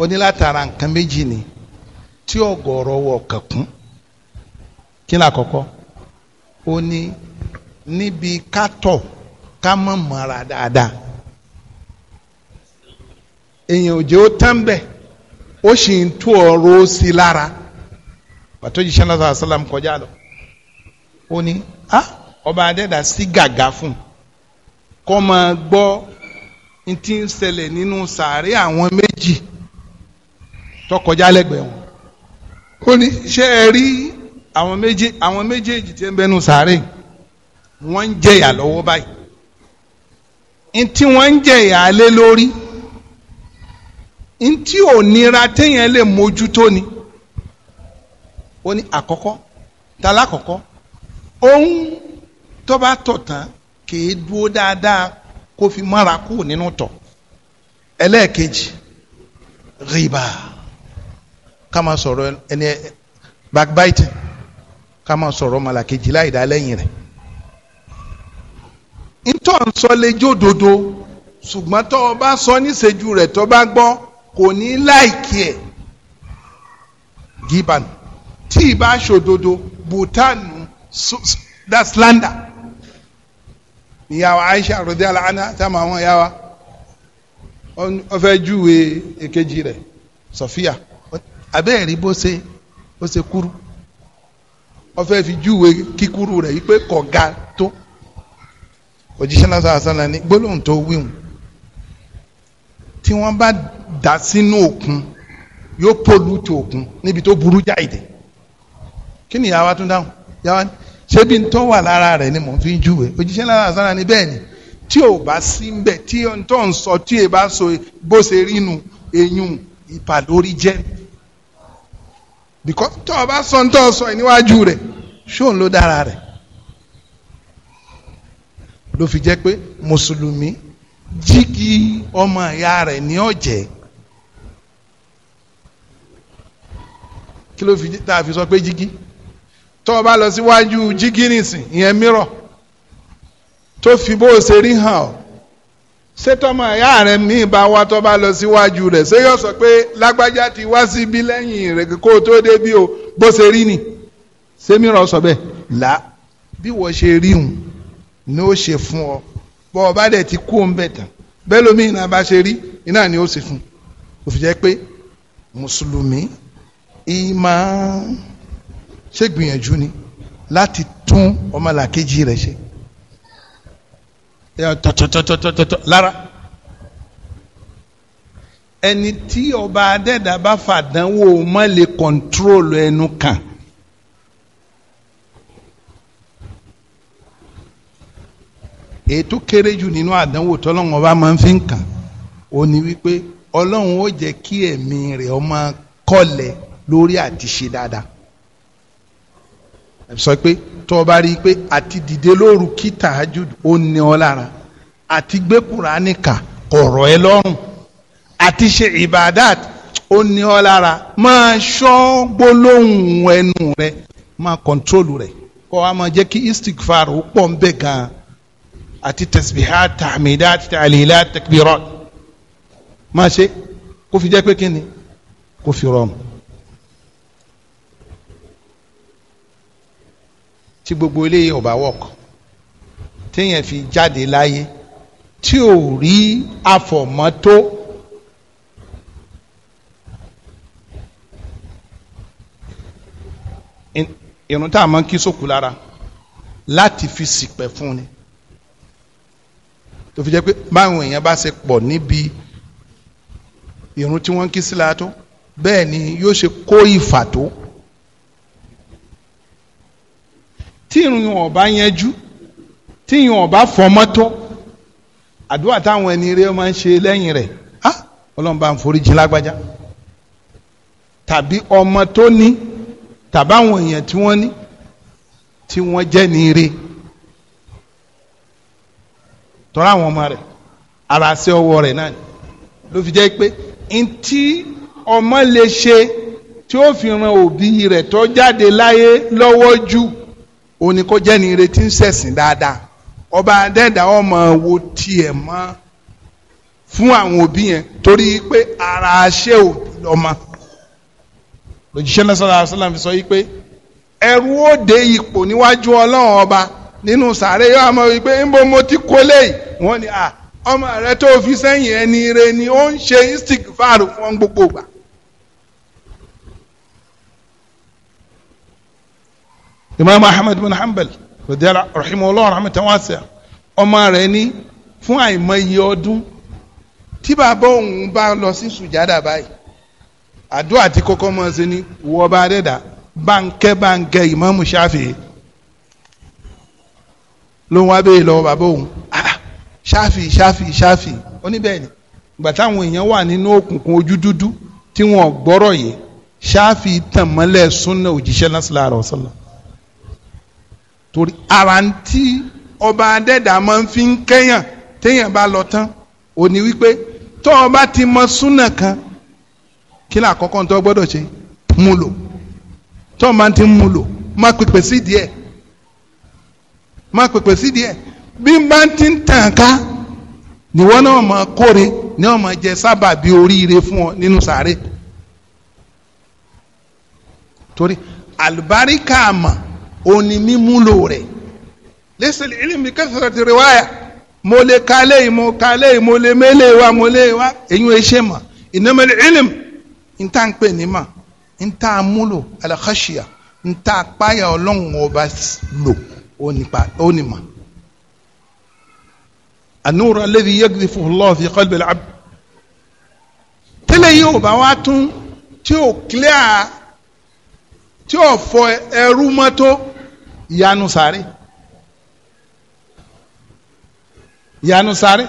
ó ní látara nǹkan méjì ni tí ọ̀gọ̀rọ̀ wọ kàkún kí ni àkọ́kọ́ ó ní níbi kátọ̀ ká mọ̀ mọ́ra dáadáa èèyàn òjò ó tán bẹ̀ ó sì ń tó ọ̀rọ̀ ó sí lára pàtó jíṣẹ́ náà sàlá sàlám kọjá lọ ó ní á ọba adẹ́dà sí gàgà fún kọ́ máa gbọ́ n ti ń ṣẹlẹ̀ nínú sàárẹ̀ àwọn méjì tó kọjá lẹ́gbẹ̀ẹ́ wọn ó ní ṣé ẹ rí àwọn méje àwọn méjèèjì tí ń bẹnu sàárè wọ́n ń jẹ̀yà lọ́wọ́ báyìí ntí wọ́n ń jẹ̀yà lé lórí ntí ò nira téèyàn lè mójútó ni ó ní àkọ́kọ́ tala kọ́kọ́ ohun tó bá tọ̀ tán kìí dúró dáadáa kó fi mọ́ra kúrò nínú tọ̀ ẹlẹ́ẹ̀kejì rìbá ká máa sọ̀rọ̀ ẹni backbiting Kama máa malaki màlàkejì láì dá lẹ́yìn rẹ̀ ntọ́ ń sọ dodo ṣùgbọ́n tọ́ ọ bá sọ níṣẹ́jú rẹ̀ tọ́ bá gbọ́ kò ní láìkí ẹ̀ giban tí ì bá ṣòdodo bùtánù that's slander ìyàwó Aisha rọdíàlá àná táwọn àwọn ìyàwó ọfẹ júwe èkejì rẹ̀ Sofia abẹ́ẹ̀rí bó ṣe bó ṣe kúrú ọfẹ́ fi júwe kíkúrú rẹ̀ yí pé kọ̀ga tó òjíṣẹ́ náà sàásánà ní gbólóhùn tó wíwùn tí wọ́n bá dà sínú òkun yóò pòlùtì òkun níbi tó burú jáde kí ni yàrá tún dáhùn yàrá ṣé bí n tó wà lára rẹ̀ ni mò ń fi júwe òjíṣẹ́ náà sàásánà ní bẹ́ẹ̀ ni tí ò bá sí ń bẹ̀ tí n tó ń sọ tí ì bá sọ bó ṣe rí nu eyín ìpàdórí jẹ́ because tó o bá sọ tó o sọ níwájú rẹ̀ ṣóun ló dára rẹ̀ ló fi jẹ́ pé mùsùlùmí jígi ọmọ ìyá rẹ̀ ní ọ̀jẹ̀ kí ló fi tá a fi sọ pé jígi tó o bá lọ síwájú jígi nìsín ìyẹn mírọ̀ tó fi bó o ṣe rí hàn ọ́ ṣé tọmọ ẹ̀yà rẹ̀ míì bá wá tó bá lọ síwájú rẹ̀ ṣé yóò sọ pé lágbájá ti wá síbi lẹ́yìn rẹ̀ kó o tó débi o bó ṣe rí ni sẹ́mi rọ sọ bẹ́ẹ̀ là bí wọ́n ṣe rí hùn ni ó ṣe fún ọ bọ́ ọ bá dẹ̀ ti kú òun bẹ̀ tán bẹ́ẹ̀ lómi iná bá ṣe rí iná ni ó ṣe fún ó fi jẹ́ pé mùsùlùmí ìmọ̀ ṣègbìyànjú ni láti tún ọmọlàkejì rẹ̀ ṣe tọ̀tọ̀tọ̀tọ̀tọ̀ lára ẹni tí ọba adẹ́dà bá fàdánwò má lè kọ̀ntrólù ẹnu kàn ètò kéré jù nínú àdánwò tọ́lọ́run ọba máa ń fi ń kàn ó ní wípé ọlọ́run ó jẹ́ kí ẹ̀mí rẹ̀ ó kọ́lẹ̀ lórí àti ṣe dáadáa sọ pé tó o bá rí i pé àti dìde lóru kí tahajud ó ní ọ lára àti gbé kúránì kà ẹ lọ́rùn àti ṣe ibadat ó ní ọ lára máa ṣọ́ gbólóhùn ẹnu rẹ máa kọ́ńtrólù rẹ kọ́ wa máa jẹ́ kí istikfar ó pọ̀ ń bẹ̀ gan-an àti tasbihat tahmidat ta'lilat takbirat máa ṣe kó fi jẹ́ pé kí ni kó fi rọrùn. tí gbogbo eléyìí ọba wọk téèyàn fi jáde láyé tí ò rí àfọ̀mọ́tó irun tá a máa ń kí sókù lára láti fi ṣìpẹ̀ fún ni tó fi jẹ́ pé báwọn èèyàn bá ṣe pọ̀ níbi irun tí wọ́n ń kí sílá tó bẹ́ẹ̀ ni yóò ṣe kó ìfà tó. tí ìrùn ọ̀bá yanjú tí ìrùn ọ̀bá fọmọ́tò àdúrà táwọn ẹni rẹ máa ń ṣe lẹ́yìn rẹ̀ á ọlọ́run bá ń foríjì lágbájá tàbí ọmọ tó ní tàbáwọn èèyàn tí wọ́n ní tí wọ́n jẹ́ ní ire tọ́ra àwọn ọmọ rẹ̀ ara ṣe ọwọ́ rẹ̀ náà ló fi jẹ́ pé ntí ọmọ lè ṣe tí ó fi ran òbí rẹ̀ tó jáde láyé lọ́wọ́ jù òní kó jẹ́ ní retí ń ṣẹ̀sìn dáadáa ọba adẹ́dàá ọmọ wo tiẹ̀ mọ́ fún àwọn òbí yẹn torí pé ara ṣé òbí lọ́mọ lòjíṣẹ́ náà sọ́dọ̀ àṣàlàm fi sọ yí pé ẹrú ó de ipò níwájú ọlọ́run ọba nínú sàárẹ̀ yóò àmọ́ wípé ń bọ́ mo ti kó léyìí wọ́n ní ọmọ rẹ tó fi sẹ́yìn ẹni rẹ ni ó ń ṣe istigfar fún gbogbo ìgbà imaamu ahmed bin hanbal rẹ̀díàlá rahimahullah rahmatan wasi'a ọmọ rẹ̀ ní fún àìmọye ọdún tí bàbá òun bá lọ sí sùjádà báyìí àdúrà tí kọ́kọ́ mọ́ ṣe ní wọ́ bá dẹ́dà báńkẹ́ báńkẹ́ ìmáàmù ṣáfì ló ń wá bẹ́ẹ̀ lọ́wọ́ bàbá òun ṣáfì ṣáfì ṣáfì oníbẹ̀ẹ́ni ìgbà táwọn èèyàn wà nínú òkùnkùn ojú dúdú tí wọn gbọ́rọ̀ yìí ṣáfì tàn mọ́lẹ̀ súnà òjíṣẹ́ náà sílára ọ̀sán lọ torí ara ń tí ọba adẹ́dà máa ń fi ń kẹ́yàn téèyàn bá lọ tán ò ní wípé tó o bá ti mọ súnà kan kí ni àkọ́kọ́ tó o gbọ́dọ̀ ṣe mú lò tó o máa ti mú lò má pèpè sí díẹ̀ má pèpè sí díẹ̀ bí n bá ti ń tàn ká níwọ náà máa kóre ní ọmọ jẹ sábàbí oríire fún ọ nínú sàárè torí àlùbáríkà àmà òní mímúlò rẹ̀ lẹ́sẹ̀ ilmi kẹsàrẹ̀tì rìwáyà mo lè ka léyìí mo ka léyìí mo lè mélèé wa mo lè wa èyí ò ṣe mà ìnámẹ́lẹ̀ ilmi ntá ń pè ní mà ntá múlò alakhashia ntá apáyà ọlọ́run ọba lò ó ní النور الذي يقذفه الله في قلب العبد tẹ́lẹ̀ yìí ò bá wá tún tí ò ìyanu sáré ìyanu sáré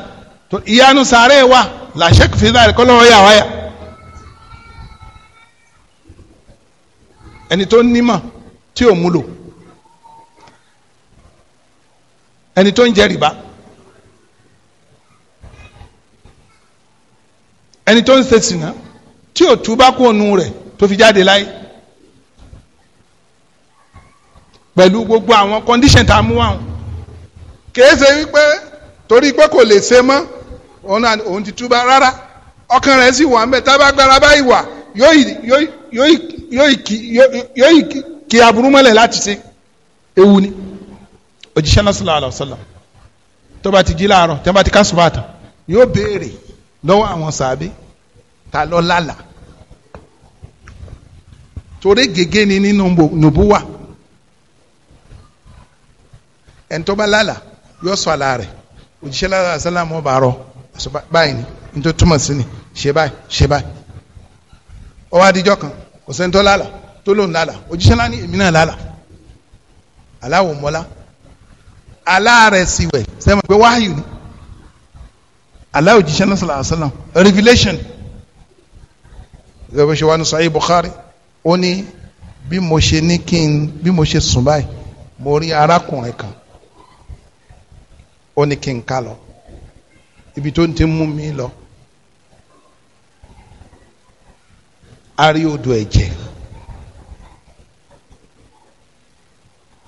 tó ìyanu sáré wa làṣẹkù fìdá rẹ kọlọwọ yà wáyà ẹni tó nímọ̀ tí ò múlò ẹni tó ń jẹ rìbá ẹni tó ń ṣe sìnà tí ò túbá kó nu rẹ tó fi jáde láyé pẹ̀lú gbogbo àwọn condition tá a mú àwọn kìí ṣe wípé torí pé kò lè ṣe mọ́ òun ti túbà rárá ọkàn rẹ̀ sì wà ń bẹ̀ tábàgbára báyìí wà yóò kí aburú mọ́lẹ̀ láti ṣe ewu ni òjíṣẹ́ náà sallallahu alaihi wasallam tó bá ti jí láàárọ̀ tó bá ti ká sùpà tán yóò béèrè lọ́wọ́ àwọn sàbí ta ló lálàá torí gègé ni nínú nùbúwà. No ẹni tó bá lálà yóò sọ àlà rẹ̀ òjíṣẹ́ lára sálàmù ọba rọ báyìí ni nítorí túmọ̀ sí ni ṣe báyìí ṣe báyìí ó wá adijọ́ kan kò sẹ́ni tó lálà tó lòun lálà òjíṣẹ́ lára ni èmi náà lálà aláwọ̀ mọ́lá àlá rẹ̀ sì wẹ̀ sẹ́mi pé ni àlá òjíṣẹ́ náà sọ̀rọ̀ àṣàlá revelation gẹ́gẹ́ bó ṣe wà oni bi Bukhari ó ní bí mo ṣe ní kí n mo ṣe sùn báyìí mo rí arákùnrin kan ó ní kí n ká lọ ibi tó ń ti mú mi lọ a rí odò ẹ̀jẹ̀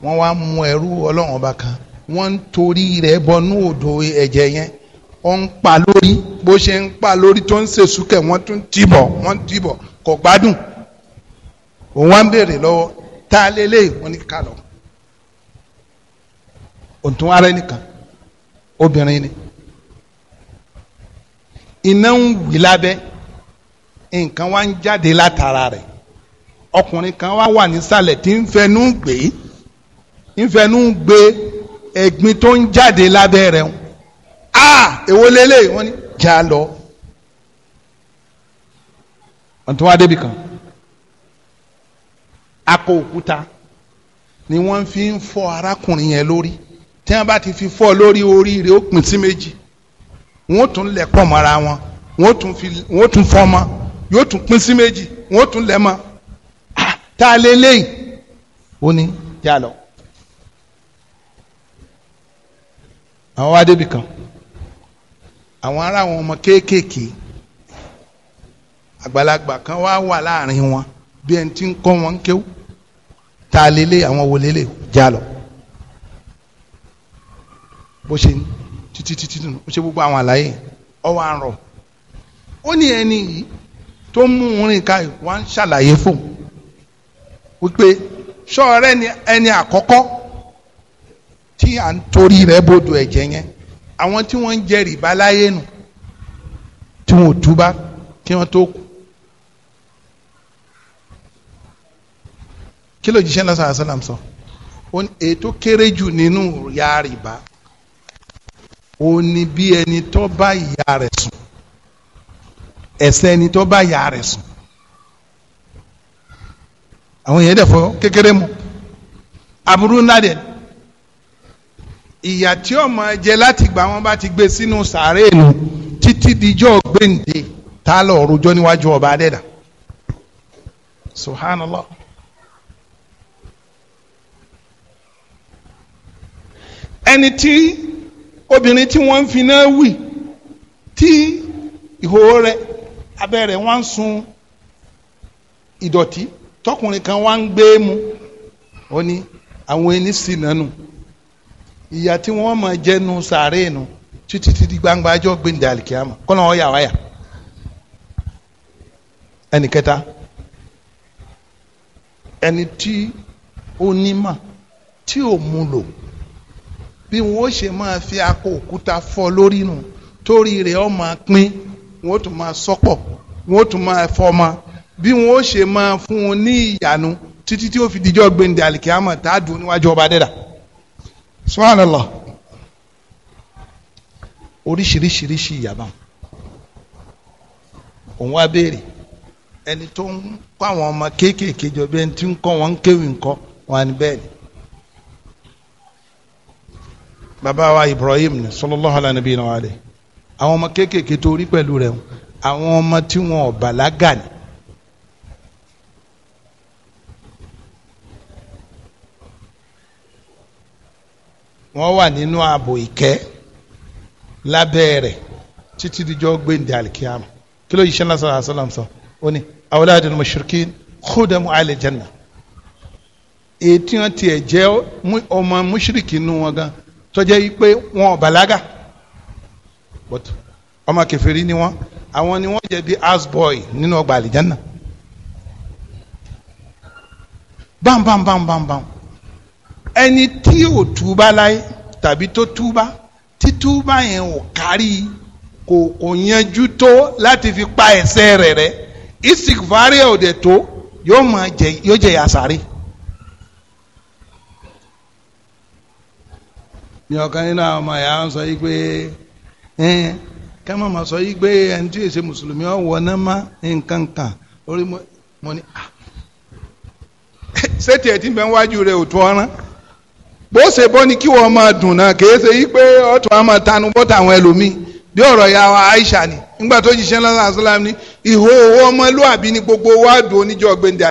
wọ́n wá mú ẹrú ọlọ́run ọba kan wọ́n ń torí rẹ̀ bọnú odò ẹ̀jẹ̀ yẹn ó ń pa lórí bó ṣe ń pa lórí tó ń ṣèṣúkẹ̀ wọ́n tún tìbọ̀ wọ́n tìbọ̀ kò gbádùn òun wá ń béèrè lọ́wọ́ tá a lélẹ́yìí wọ́n ní ká lọ òun tún wá obìnrin ni iná ń wì lábẹ́ nǹkan wá ń jáde látara rẹ̀ ọkùnrin kan wá wà nísàlẹ̀ tí ń fẹnu gbé ń fẹnu gbé ẹ̀gbin tó ń jáde lábẹ́ rẹ̀ ń a èwo lélẹ̀ wọ́n ní já lọ wọ́n tún wá débi kan akọ òkúta ni wọ́n fi ń fọ arákùnrin yẹn lórí tí wọ́n bá ti fi fọ́ lórí oríire ó pín sí méjì wọ́n tún lẹ̀ pọ̀ mọ́ra wọn wọ́n tún fọ́ mọ́ yóò tún pín sí méjì wọ́n tún lẹ̀ mọ́ ah, tá a lé léyìí ó ní yà lọ. àwọn wá débi kan àwọn ará àwọn ọmọ kéékèèké àgbàlagbà kan wá wà láàrin wọn bí ẹni tí ń kọ́ wọn ń kéwú tá a lé lé àwọn wò lé lé lọ bó ṣe títí títí nù ó ṣe gbogbo àwọn àlàyé ọwọ àrọ ó ní ẹni yìí tó mú orin ká wá ń ṣàlàyé fún wípé ṣọ́ọ̀rẹ́ ni ẹni àkọ́kọ́ tí à ń torí rẹ̀ bodò ẹ̀jẹ̀ yẹn àwọn tí wọ́n ń jẹ rìbá láyé nù tí wọ́n ò túbá kí wọ́n tó kú. kí ló jíṣẹ́ lọ́sàn-án sọ́làm sọ ètò kéré jù nínú yàrá rìbá ó ní bí ẹni tó bá ìyá rẹ̀ sùn ẹ̀ṣẹ̀ ẹni tó bá ìyá rẹ̀ sùn àwọn èèyàn dẹ̀ fọ kékeré mu aburú ńlá dẹ̀ ìyà tí ó máa jẹ láti gbà wọn bá ti gbé sínú sàárè nù títí dijọ́ gbéǹde tá a lọ rojọ́ níwájú ọba adẹ́dà subhanallah. ẹni tí obìnrin tí wọ́n ń finá wì tí ìhòòhò rẹ̀ abẹ́ rẹ̀ wọ́n ń sun ìdọ̀tí tọkùnrin kan wá ń gbé mu ó ní àwọn ẹni sì nánu ìyà tí wọ́n máa jẹnu sàárè nu títí títí gbangba ajọ́ gbẹ̀ndẹ̀ àlìkíyàmọ̀ kọ́nà ọ̀yà wáyà ẹnì kẹta ẹni tí ó ní mà tí ò mú lò bí wọn ó ṣe máa fi akọ òkúta fọ́ lórí nù torí rẹ̀ ọ máa pín wọn ó tún máa sọ́pọ̀ wọn ó tún máa fọ́mọ bí wọn ó ṣe máa fún un ní ìyànú títí tí ó fi dijọ́ gbẹ̀ǹdé àlìkíyàmọ̀ tá a dùn níwájú ọba dẹ́dà subhanallah oríṣiríṣiríṣi ìyàbá òun wá béèrè ẹni tó ń kọ́ àwọn ọmọ kéékèèké jọ bí ẹni tí ń kọ́ wọn ń kéwì ńkọ́ wọn ni bẹ́ẹ̀ ni bàbá wa Ibrahim ni sallallahu ala nabiyina wa alayhi àwọn ọmọ kéékèèké tó rí pẹ̀lú rẹ̀ àwọn ọmọ tí wọn ò bàlágà ni. wọ́n wà nínú ààbò ìkẹ́ lábẹ́ rẹ̀ títí dijọ́ gbẹ̀ndẹ̀ alikiyama kí ló yìí ṣe lásán àṣàlám sọ ó ní awladul mushrikin khudamu ala janna ètí wọn tiẹ̀ jẹ́ ọmọ mushriki nù wọn gan tọ́jẹ́ yìí pé wọn ò bàlágà but ọmọ kèfèrí ni wọ́n àwọn ni wọ́n jẹ́ bí houseboy nínú ọgbà àlìjánà bam ẹni tí ò túbá láyé tàbí tó túbá títúbá yẹn ò kárí kò kò yanjú tó láti fi pa ẹ̀ṣẹ̀ rẹ̀ rẹ́ ìsìkfàárẹ̀ ò tó yóò máa jẹ yóò jẹ yà ni ọ̀kan nínú àwọn ọmọ yàrá ń sọ yìí pé ẹn ká má máa sọ yìí pé ẹni tí èsè mùsùlùmí ọ̀wọ́ náà má nǹkan kan orí mo ni à ah. *laughs* ṣé tiẹ̀ tí wájú ni kí wọ́n máa dùn náà kì í ṣe yìí pé ọ̀tún á máa tanu bọ́tà ya wa Aisha ni nígbà tó ni ìhó owó ni gbogbo wa dùn oníjọ́ gbẹ̀ndẹ̀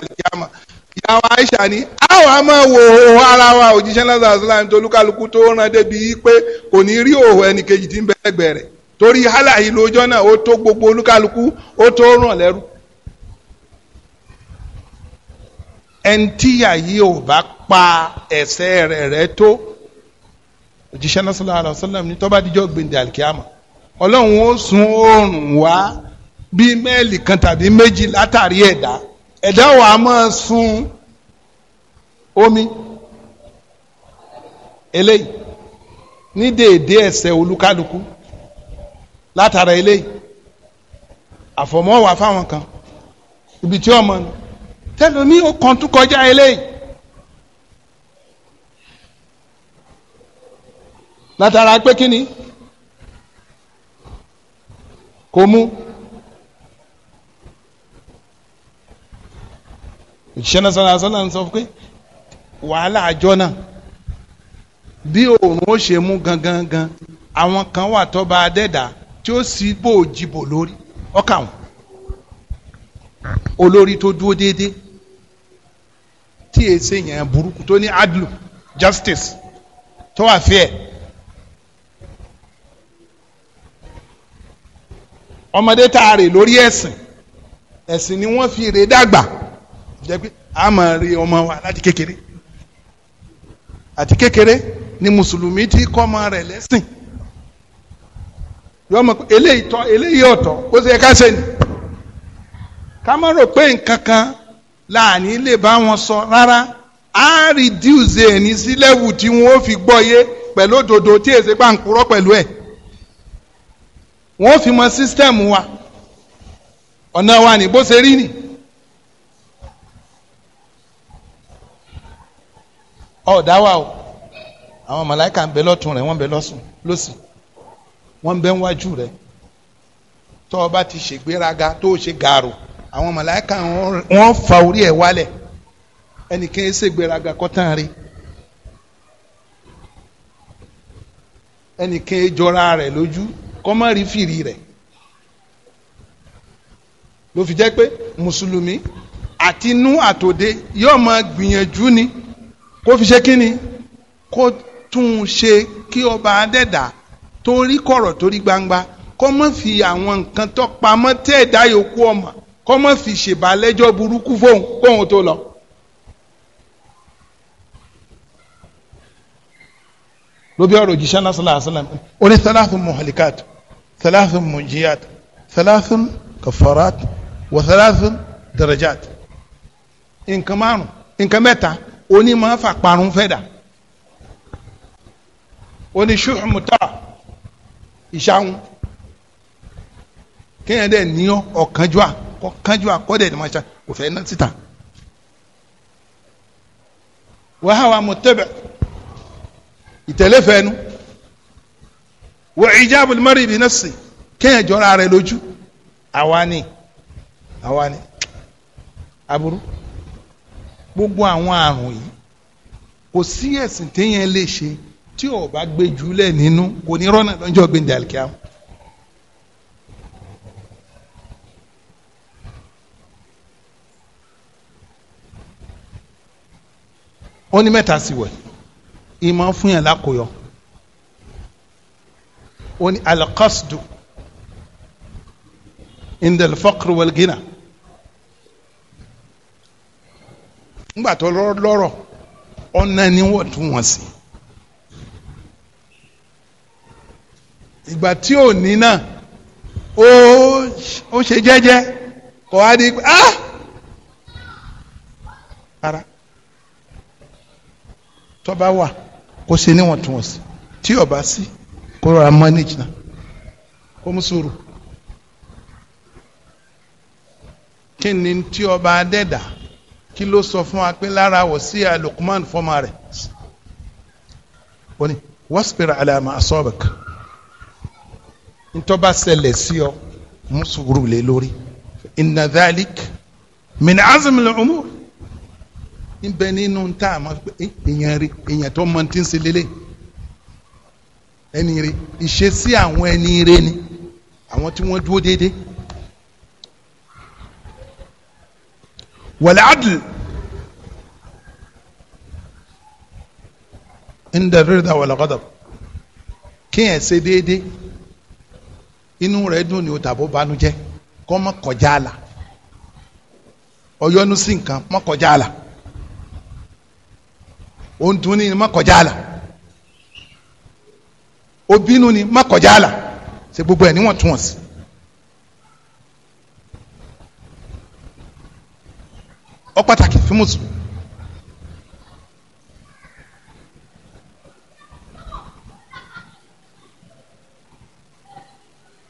ìyàwó Aisha ni àwọn a máa wo òhò ara wa òjíṣẹ́ náà sàlám tó olúkálukú tó rán débi pé kò ní rí òhò ẹnìkejì tí ń bẹ lẹ́gbẹ̀ẹ́ rẹ̀ torí hálàyé lójọ́ náà ó tó gbogbo olúkálukú ó tó ràn lẹ́rú. ẹni tíyà yìí ò bá pa ẹ̀ṣẹ̀ rẹ̀ rẹ̀ tó òjíṣẹ́ náà sàlám àlọ́sọ́lám ní tọ́ba díjọ́ gbèǹdé àlìkíyàmọ̀ ọlọ́run ó sun oòrùn wá bíi mẹ́ẹ̀lì kan tàbí méjì látàrí ẹ̀dá. E ẹ̀dá wa máa sun omi eléyìí ní déédéé ẹsẹ̀ olúkálukú látara eléyìí àfọ̀mọ́ wà fáwọn kan ibi tí ọmọ nù tẹlomi ó kàn tún kọjá eléyìí látara pé kíni kò mú. òṣìṣẹ́ náà sọ́nà sọ́nà sọ pé wàhálà àjọ náà bí òòrùn ó ṣe mú gangan gan àwọn kan wà tọ́ba adẹ́dà tí ó sì bò jìbò lórí ọkà wọn olórí tó dúró déédéé tí èsè yẹn burúkú tó ní adlu justice tó wà fair ọmọdé tá a rè lórí ẹ̀sìn ẹ̀sìn ni wọ́n fi rè dàgbà jẹ́ pé a máa rí ọmọ wa láti kékeré àti kékeré ni mùsùlùmí ti kọ́ ọmọ rẹ̀ lẹ́sìn yọ ọmọ eléyìí tọ́ eléyìí ọ̀tọ̀ ó ṣe ká ṣe ni ká má rò pé nǹkan kan láàní lè bá wọn sọ rárá á rìdíùsì ẹni sí lẹ́wù tí wọn ó fi gbọ́ yé pẹ̀lú òdodo tí èsì bá ń purọ́ pẹ̀lú ẹ̀ wọn ó fi mọ sísítẹ́ẹ̀mù wa ọ̀nà wa ní bó ṣe rí nìyí. ọ̀dá wa o àwọn màláìka ń bẹ lọ́tún rẹ̀ wọ́n ń bẹ lọ́sùn lọ́sìn wọ́n ń bẹ níwájú rẹ̀ tó o bá ti ṣègbéraga tó o ṣe gàrò àwọn màláìka wọ́n fa orí ẹ̀ wálẹ̀ ẹnìkan ẹ̀ ṣègbéraga kọ́tàn rí ẹnìkan ẹ̀ jọra rẹ̀ lójú kọ́ má fìrí rẹ̀ ló fi pé mùsùlùmí àtinú àtòde yóò máa gbìyànjú ni kó fi ṣe kíni kó tún un ṣe kí ọba adẹ́dà torí kọ̀rọ̀ torí gbangba kó má fi àwọn nǹkan tó pamọ́ tẹ́ ẹ̀dá yòókù ọmọ kó má fi ṣèbálẹ́jọ́ burúkú fóun kóun tó lọ. lóbi ọ̀rọ̀ òjíṣẹ́ náà sọlá àṣàlám ó ní thalathun muhalikat thalathun munjiyat thalathun kafarat wa thalathun darajat nǹkan márùn nǹkan mẹ́ta oni máa fà parun fẹ́dà oní ṣùhùmùtà ìṣàhùn kéèyàn dẹ̀ ní ọ̀kánjúà kọ́kánjúà kọ́dẹ̀ ní ma ṣá kò fẹ́ ná síta wàhálà mọ̀tẹ́bẹ̀ ìtẹ̀lẹ́fẹ́nu wọ ìjábùl mari bi nafsi kéèyàn jọra rẹ̀ lójú àwa ni aburú gbogbo àwọn àrùn yìí kò sí ẹ̀sìn téèyàn lè ṣe tí ò bá gbé jùlẹ̀ nínú kò ní rọ́nà lọ́jọ́ gbẹ̀ndẹ̀ àlùkìyà. ó ní mẹ́ta sí wẹ̀ ìmọ̀ fún yàn lákòyọ̀ ó ní alqasdu indal faqr wal ńgbà tó lọ́rọ̀ ọ̀nà níwọ̀ntúnwọ̀nsì ìgbà tí ò ní náà ó ṣe jẹ́jẹ́ kò wá di pé ah rárá wà kó ṣe níwọ̀ntúnwọ̀nsì tí ọba sí kó rọra manage náà kó mú kí ni tí ọba kí ló sọ fún wa pé lára wọ̀ sí Lukman fọ́mà rẹ̀ ó ní wasbira ala ma asabak ntọ́ba ṣẹlẹ̀ sí ọ mùsùlùmí lé lórí inna dhalik min azmi l'umur nbẹ nínú ntá àmọ́ eh, èèyàn rí èèyàn tó mọ ti ń ṣe ẹni rí ìṣesí àwọn ẹni rí ni àwọn tí wọ́n dúró déédéé. والعدل، adl inda ridha كين ghadab kéèyàn ṣe déédéé inú rẹ̀ dùn ní o tàbó banújẹ́ kó má kọjá àlà ọyọ́nu sí nǹkan má kọjá àlà òǹtún ni kọjá àlà obínú ni má kọjá àlà ṣe gbogbo ẹ̀ níwọ̀ntúnwọ̀nsì. ọ pàtàkì fún mùsùlùmí.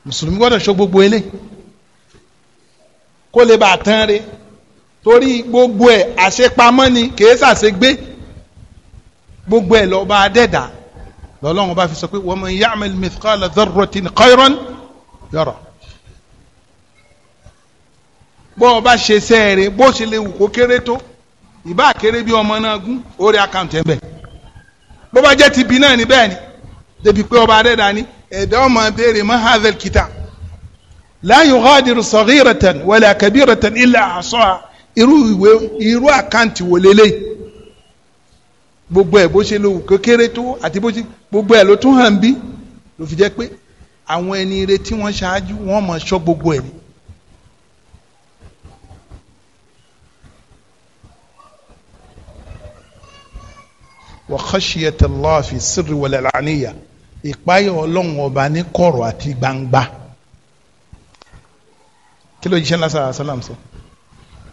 mùsùlùmí gbọ́dọ̀ ṣọ́ gbogbo ilé kó lè bá a tán re torí gbogbo ẹ̀ àṣepamọ́ ni kìí ṣàṣegbé gbogbo ẹ̀ lọ́ọ́ bá a dẹ́dà lọ́lọ́run bá fi sọ pé wa man ya'mal mithqala dharratin khayran yara bó o bá ṣe sẹ́ẹ̀rẹ̀ bó ṣe lè wù kó kéré tó ìbá kéré bí ọmọ náà gún orí àkàǹtì ẹ̀ bẹ̀ bó bá jẹ́ ti bí náà ní bẹ́ẹ̀ ni débi pé ọba adẹ́dá ni ẹ̀dá ọmọ béèrè mọ́ hazel kita la yughadiru saghiratan wala kabiratan illa ahsaha irú ìwé irú àkàǹtì wò lélẹ́yìí gbogbo ẹ̀ bó ṣe lè wù kó kéré tó àti bó ṣe gbogbo ẹ̀ ló tún hàn bí ló fi jẹ́ pé àwọn ẹni ire tí wọ́n ṣáájú wọ́n mọ̀ ṣọ́ gbogbo ẹ̀ ni wa khashiyata Allah fi sirri wal alaniya ìpáyọ̀ ọlọ́run ọba ní kọ̀rọ̀ àti gbangba kí ló jíṣẹ́ lásán àṣàlám sọ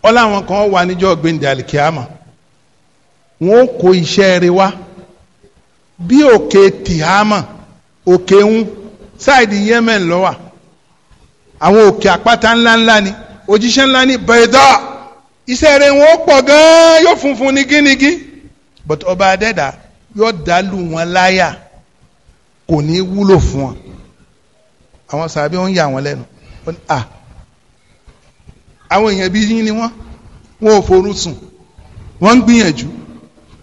ọlá àwọn kan wà níjọ́ gbẹ̀ndẹ̀ alikiyama wọn ó kó iṣẹ́ rẹ̀ wá bí òkè tihama òkè ń sáìdì Yemen lọ́wà àwọn òkè àpáta ńláńlá ni òjíṣẹ́ ńlá ní bẹ̀ẹ́dọ́ iṣẹ́ rẹ̀ wọn ó pọ̀ gan-an yóò funfun ní gínigín but ọba adẹ́dà yóò dalu wọn láyà kò ní wúlò fún wọn àwọn sàbí ń yà wọn lẹ́nu à àwọn èèyàn bí yín ni wọ́n wọn ò forú sùn wọ́n ń gbìyànjú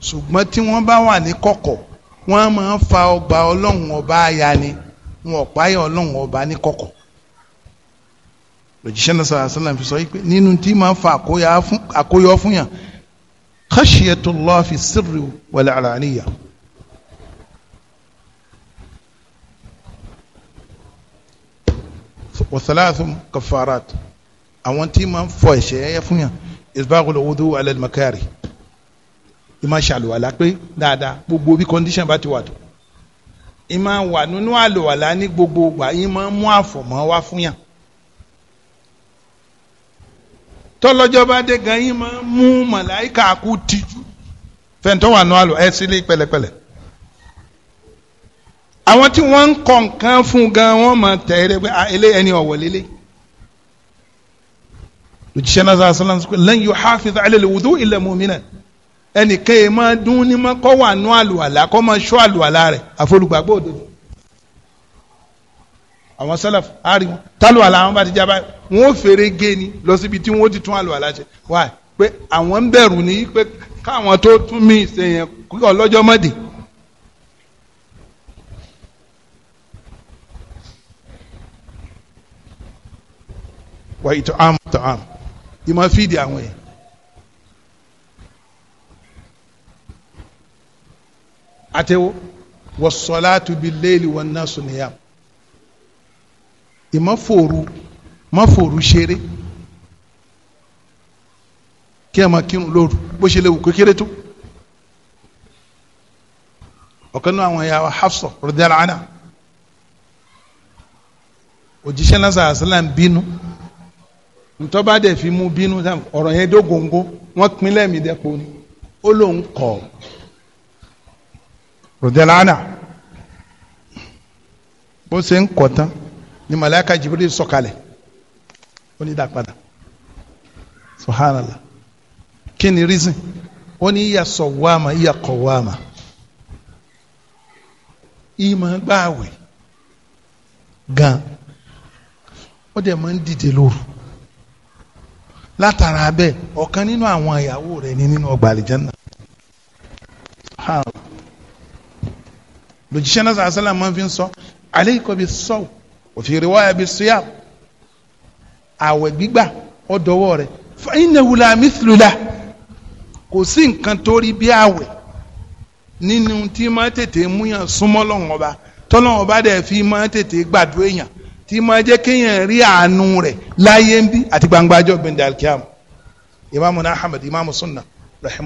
ṣùgbọ́n tí wọ́n bá wà ní kọ̀kọ̀ wọ́n máa ń fa ọgbà ọlọ́run ọba aya ni wọn ò páyà ọlọ́run ọba ní kọ̀kọ̀ lòjíṣẹ́ náà sọ̀rọ̀ àṣàlàn fi sọ yìí pé nínú tí máa ń fa àkóyọ fún yàn khashiyatullah fi sirri wal alaniya. wasalaatum kafarat àwọn tí ma ń fọ ẹ̀ṣẹ̀ ẹ̀yẹ fún yàn isbaghul wudu ala al makari ìmọ̀ ṣàlùwàlá pé dáadáa gbogbo bí condition bá ti wà tó ìmọ̀ wà nínú àlùwàlá ní gbogbo ìgbà ìmọ̀ mú àfọ̀mọ́ wá fún yàn tọ́lọ́jọ́ bá dé gan yín máa mú màláìka kú tìjú fẹ́ntọ́ wà nù àlọ́ ẹ sílé pẹ̀lẹ́pẹ̀lẹ́ àwọn tí wọ́n ń kọ̀ nǹkan fún gan wọ́n máa tẹ̀ ẹ́ pé ilé ẹni ọ̀wọ̀ lélẹ̀ òjíṣẹ́ náà sọ àṣàlàn sọ pé lan yuhafiz ala al-wudu illa mu'minan ẹnìkan yìí máa dún ní máa kọ́ wà nù àlùwàlà kọ́ máa ṣọ́ àlùwàlà rẹ̀ àfolùgbàgbọ́ òdodo àwọn sẹlẹf ari wọn tálù àlà àwọn bá ti jábá wọn ò fèrè gé ni lọ síbi tí wọn ó ti tún àlù àlà ṣe wá pé àwọn ń bẹ̀rù ní pé káwọn tó tún mí sèyàn kíkọ lọ́jọ́ mọ́dì. wà ìtọ̀ àmù ìtọ̀ àmù ìmọ̀ fídì àwọn yẹn. àtẹwò wọ́n sọ̀lá tu bil layli wan nasu niyam. ìmọ̀fòru mọ̀fòru ṣeré kí ẹ máa kírun lóru bó ṣe léwu kékeré tó ọ̀kan náà àwọn ẹ̀yà Hafsa radiyallahu anha òjíṣẹ́ náà sàásìlà ń bínú ntọ́ba dẹ̀ fi mú bínú ọ̀rọ̀ yẹn dó góńgó wọ́n pin lẹ́mìí dẹ́po ni ó lóun kọ̀ radiyallahu anha bó ṣe ń kọ̀ tán. ni malayika Jibril sọ̀kalẹ̀ ó ní dàpadà subhanallah kí ni reason ó ní iya sọwama iya kọwama ìmọ̀ gbààwẹ̀ gan ó dẹ̀ máa ń dìde lóru látara abẹ ọ̀kan nínú àwọn ìyàwó rẹ̀ ní nínú ọgbà àlìjánná lòjíṣẹ́ náà sàásálà máa fi sọ alayka bis saw وفي رواية بالصيام àwẹ̀ gbígbà ó dọwọ́ rẹ̀ فإنه لا مثل له kò sí nǹkan tó rí bí àwẹ̀ nínú tí máa tètè múyàn súnmọ́ lọ́wọ́n ọba tọ́lọ́wọ́n ọba dẹ̀ fi máa tètè gbàdúrà èèyàn tí máa jẹ́ kéèyàn rí àánú rẹ̀ láyé ń bí àti gbangba sunna rahimu